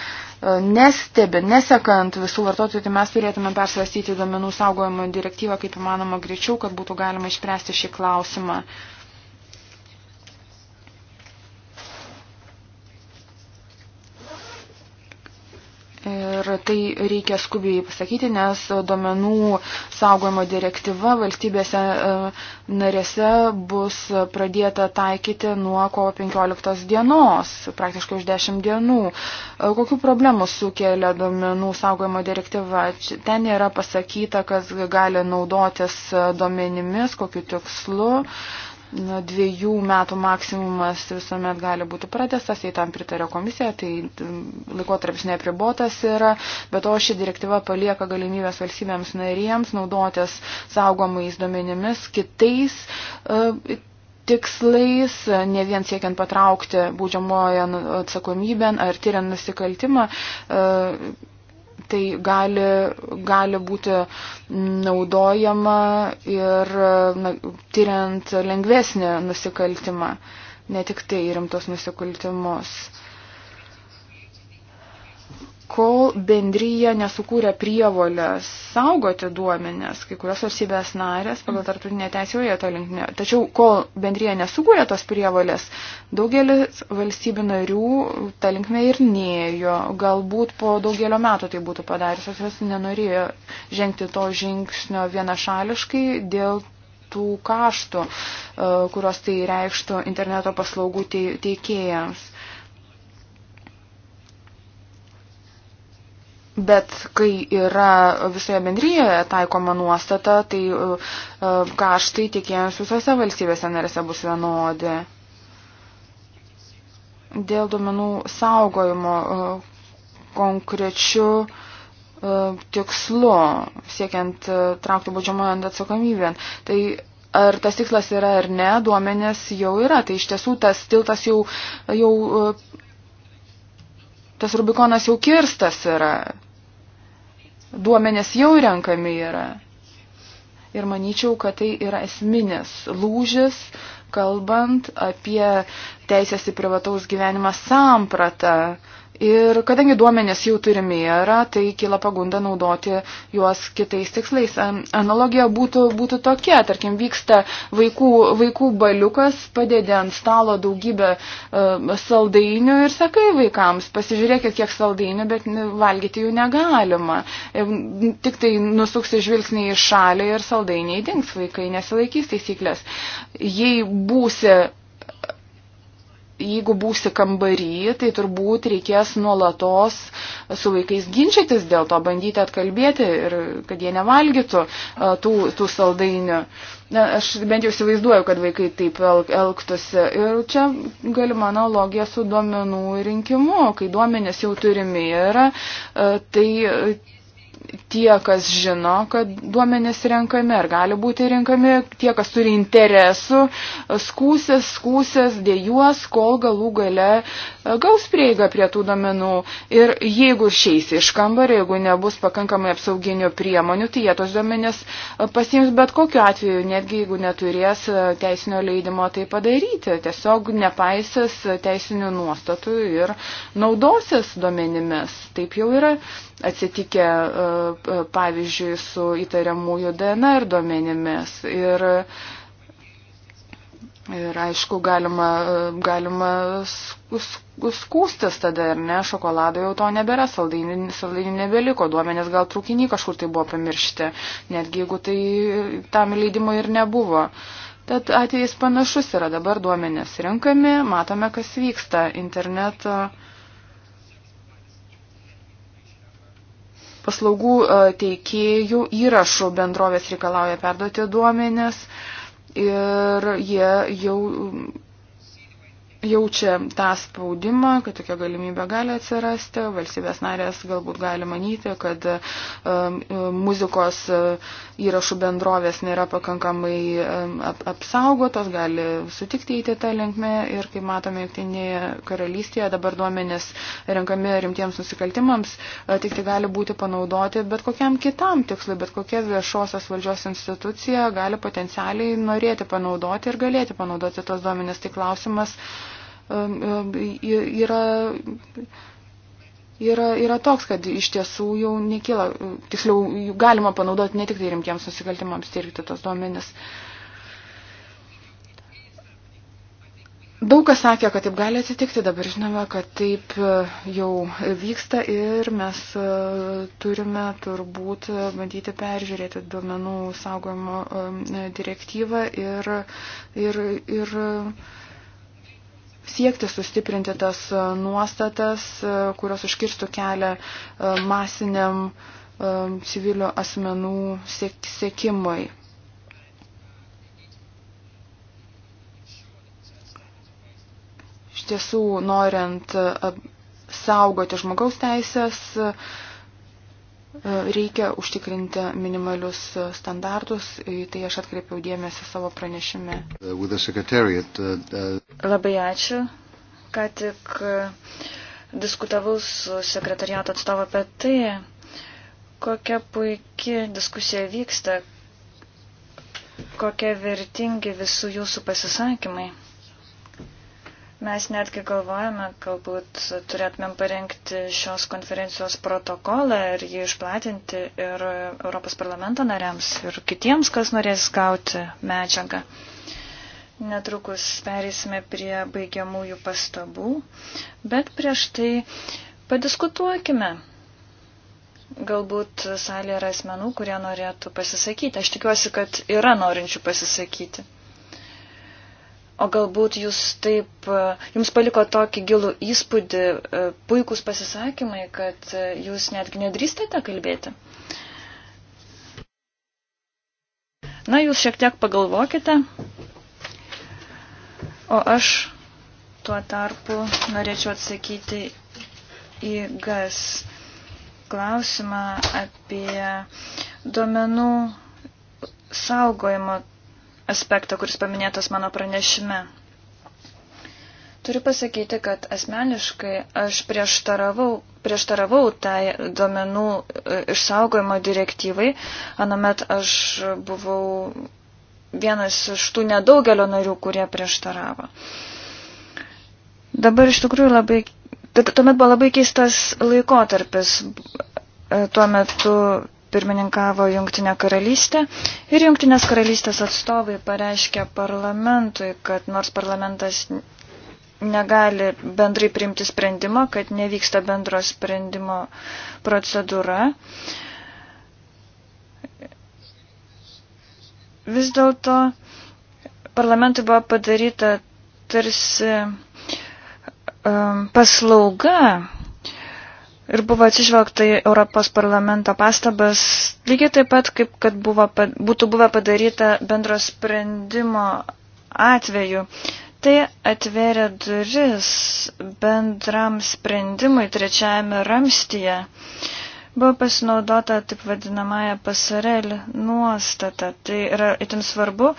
nestebi, nesekant visų vartotojų, tai mes turėtume persvarstyti duomenų saugojimo direktyvą kaip įmanoma greičiau, kad būtų galima išspręsti šį klausimą. Uh, Ir tai reikia skubiai pasakyti, nes duomenų saugojimo direktyva valstybėse e, narėse bus pradėta taikyti nuo kovo 15 dienos, praktiškai už 10 dienų. E, kokių problemų sukelia duomenų saugojimo direktyva? Ten yra pasakyta, kas gali naudotis e, duomenimis, kokiu tikslu dviejų metų maksimumas visuomet gali būti pratestas, jei tam pritarė komisija, tai laikotarpis neapribotas yra, bet o ši direktyva palieka galimybės valstybėms narėms naudotis saugomais duomenimis kitais. Uh, tikslais, ne vien siekiant patraukti būdžiamoją atsakomybę ar tyriant nusikaltimą, uh, tai gali, gali būti naudojama ir na, tyriant lengvesnį nusikaltimą, ne tik tai rimtos nusikaltimus kol bendryje nesukūrė prievolę saugoti duomenės, kai kurios valstybės narės pagal tartutinę teisėje to linknė. Tačiau kol bendryje nesukūrė tos prievolės, daugelis valstybių narių tą linkmę ir nėjo. Galbūt po daugelio metų tai būtų padariusios, jos nenorėjo žengti to žingsnio vienašališkai dėl tų kaštų, e, kurios tai reikštų interneto paslaugų teikėjams. Bet kai yra visoje bendryjoje taikoma nuostata, tai e, kaštai tikėjams visose valstybėse narėse bus vienodi. Dėl duomenų saugojimo e, konkrečių e, tikslu, siekiant traukti baudžiamojo ant atsakomybėn, tai ar tas tikslas yra ar ne, duomenės jau yra. Tai iš tiesų tas tiltas jau, jau tas Rubikonas jau kirstas yra duomenės jau renkami yra. Ir manyčiau, kad tai yra esminis lūžis, kalbant apie teisės į privataus gyvenimą sampratą, Ir kadangi duomenės jau turime yra, tai kila pagunda naudoti juos kitais tikslais. Analogija būtų, būtų tokia, tarkim, vyksta vaikų, vaikų baliukas, padėdė ant stalo daugybę uh, saldainių ir sakai vaikams, pasižiūrėkit, kiek saldainių, bet valgyti jų negalima. E, tik tai nusuksi žvilgsnį į šalį ir saldainiai dings, vaikai nesilaikys taisyklės. Jei būsi jeigu būsi kambary, tai turbūt reikės nuolatos su vaikais ginčytis dėl to, bandyti atkalbėti ir kad jie nevalgytų e, tų, tų saldainių. Na, aš bent jau įsivaizduoju, kad vaikai taip elgtųsi. Ir čia galima analogija su duomenų rinkimu, kai duomenės jau turimi yra, e, tai tie, kas žino, kad duomenys renkami ar gali būti renkami, tie, kas turi interesų, skūsės, skūsės, dėjuos, kol galų gale e, gaus prieigą prie tų duomenų. Ir jeigu išeis iš kambario, jeigu nebus pakankamai apsauginių priemonių, tai jie tos duomenys e, pasiims bet kokiu atveju, netgi jeigu neturės e, teisinio leidimo tai padaryti. Tiesiog nepaisės teisinių nuostatų ir naudosis duomenimis. Taip jau yra atsitikę E, pavyzdžiui, su įtariamųjų DNR duomenimis. Ir, ir aišku, galima, galima skūstis tada, ar ne, šokolado jau to nebėra, saldainių, saldainių nebeliko, duomenės gal trūkiniai kažkur tai buvo pamiršti, netgi jeigu tai tam leidimo ir nebuvo. Tad atvejais panašus yra dabar duomenės rinkami, matome, kas vyksta interneto. Uh, paslaugų e, teikėjų įrašų bendrovės reikalauja perduoti duomenis ir jie jau jaučia tą spaudimą, kad tokia galimybė gali atsirasti. Valstybės narės galbūt gali manyti, kad um, um, muzikos uh, įrašų bendrovės nėra pakankamai um, apsaugotos, gali sutikti įti tą linkmę ir, kaip matome, Junktinėje karalystėje dabar duomenės renkami rimtiems nusikaltimams, uh, tik tai gali būti panaudoti bet kokiam kitam tikslui, bet kokia viešosios valdžios institucija gali potencialiai norėti panaudoti ir galėti panaudoti tos duomenės. Tai klausimas, uh, yra, yra, yra toks, kad iš tiesų jau nekyla, tiksliau, galima panaudoti ne tik tai rimtiems nusikaltimams tirti tos duomenis. Daug kas sakė, kad taip gali atsitikti, dabar žinome, kad taip e, jau vyksta ir mes e, turime turbūt bandyti peržiūrėti duomenų saugojimo e, direktyvą ir, ir, ir siekti sustiprinti tas e, nuostatas, e, kurios užkirstų kelią e, masiniam civilių asmenų sėkimui. Sek Iš tiesų, norint saugoti žmogaus teisės, Reikia užtikrinti minimalius standartus, tai aš atkreipiau dėmesį savo pranešime. Uh, uh, uh, Labai ačiū, kad tik diskutavau su sekretariato atstovu apie tai, kokia puikia diskusija vyksta, kokie vertingi visų jūsų pasisakymai. Mes netgi galvojame, galbūt turėtumėm parengti šios konferencijos protokolą ir jį išplatinti ir Europos parlamento nariams ir kitiems, kas norės gauti medžiagą. Netrukus perėsime prie baigiamųjų pastabų, bet prieš tai padiskutuokime. Galbūt salėje yra asmenų, kurie norėtų pasisakyti. Aš tikiuosi, kad yra norinčių pasisakyti. O galbūt jūs taip, e, jums paliko tokį gilų įspūdį, e, puikūs pasisakymai, kad e, jūs netgi nedrįstate kalbėti. Na, jūs šiek tiek pagalvokite, o aš tuo tarpu norėčiau atsakyti į GAS klausimą apie duomenų saugojimo aspektą, kuris paminėtas mano pranešime. Turiu pasakyti, kad asmeniškai aš prieštaravau, prieštaravau tai duomenų e, išsaugojimo direktyvai. Anomet aš buvau vienas iš tų nedaugelio narių, kurie prieštaravo. Dabar iš tikrųjų labai. Tuomet buvo labai keistas laikotarpis. E, tuo metu pirmininkavo Junktinė karalystė ir Junktinės karalystės atstovai pareiškė parlamentui, kad nors parlamentas negali bendrai priimti sprendimo, kad nevyksta bendro sprendimo procedūra. Vis dėlto parlamentui buvo padaryta tarsi um, paslauga Ir buvo atsižvelgta į Europos parlamento pastabas, lygiai taip pat, kaip kad buvo, būtų buvę padaryta bendro sprendimo atveju. Tai atvėrė duris bendram sprendimui trečiajame ramstyje. Buvo pasinaudota taip vadinamąją pasarelį nuostatą. Tai yra itin svarbu,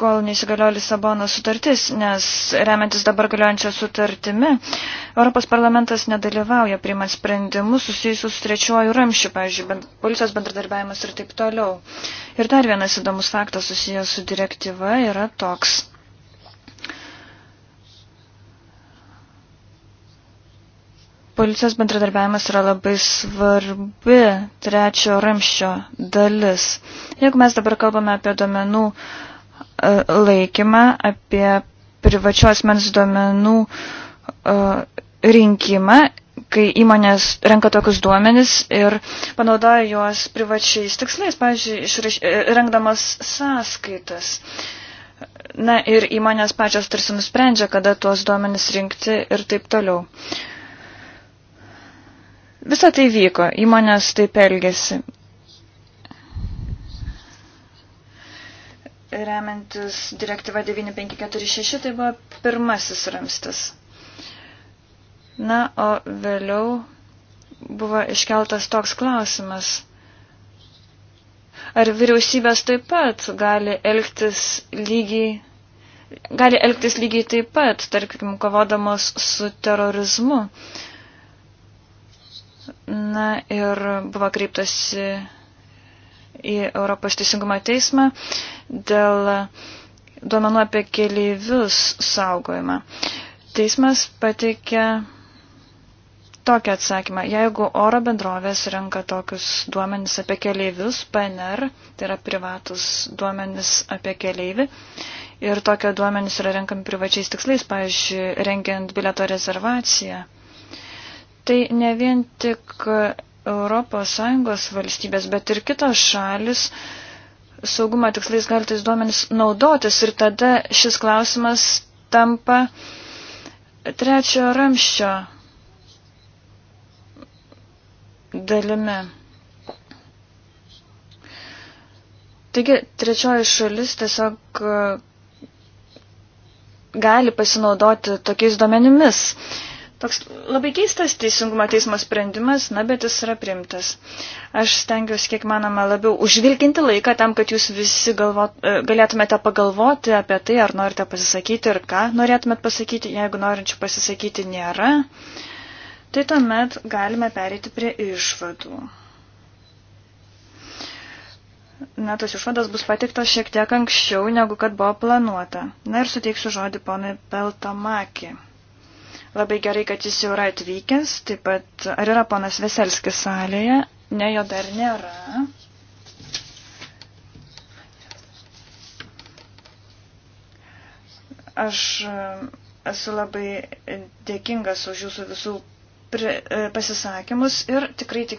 kol neįsigaliojo Lisabono sutartis, nes remiantis dabar galiojančią sutartimi, Europos parlamentas nedalyvauja priimant sprendimus susijusius su trečiuoju ramščiu, pavyzdžiui, bent, policijos bendradarbiavimas ir taip toliau. Ir dar vienas įdomus faktas susijęs su direktyva yra toks. Policijos bendradarbiavimas yra labai svarbi trečio ramščio dalis. Jeigu mes dabar kalbame apie domenų uh, laikymą, apie privačios mens duomenų e, rinkimą, kai įmonės renka tokius duomenis ir panaudoja juos privačiais tikslais, pavyzdžiui, e, rengdamas sąskaitas. Na ir įmonės pačios tarsi nusprendžia, kada tuos duomenis rinkti ir taip toliau. Visa tai vyko, įmonės taip elgėsi. remiantis direktyva 9546, tai buvo pirmasis ramstis. Na, o vėliau buvo iškeltas toks klausimas. Ar vyriausybės taip pat gali elgtis lygiai, gali elgtis lygiai taip pat, tarkim, kovodamos su terorizmu? Na ir buvo kreiptasi į Europos teisingumo teismą dėl duomenų apie keleivius saugojimą. Teismas pateikė tokį atsakymą. Jeigu oro bendrovės renka tokius duomenis apie keleivius, PNR, tai yra privatus duomenis apie keleivį, ir tokie duomenis yra renkami privačiais tikslais, pavyzdžiui, rengiant bileto rezervaciją, tai ne vien tik ES valstybės, bet ir kitos šalis saugumo tikslais gali tais duomenys naudotis ir tada šis klausimas tampa trečiojo ramščio dalimi. Taigi trečioji šalis tiesiog e, gali pasinaudoti tokiais duomenimis. Uh, Toks labai keistas teisingumo teismo sprendimas, na, bet jis yra primtas. Aš stengiuosi, kiek manoma, labiau užvilkinti laiką tam, kad jūs visi galvot, e, galėtumėte pagalvoti apie tai, ar norite pasisakyti ir ką norėtumėte pasakyti. Jeigu norinčių pasisakyti nėra, tai tuomet galime pereiti prie išvadų. Na, tos išvadas bus patiktos šiek tiek anksčiau, negu kad buvo planuota. Na ir suteiksiu žodį ponui Peltomakį. Labai gerai, kad jis jau yra atvykęs. Taip pat, ar yra ponas Veselskis salėje? Ne, jo dar nėra. Aš e, esu labai dėkingas už jūsų visų e, pasisakymus ir tikrai tikiuosi.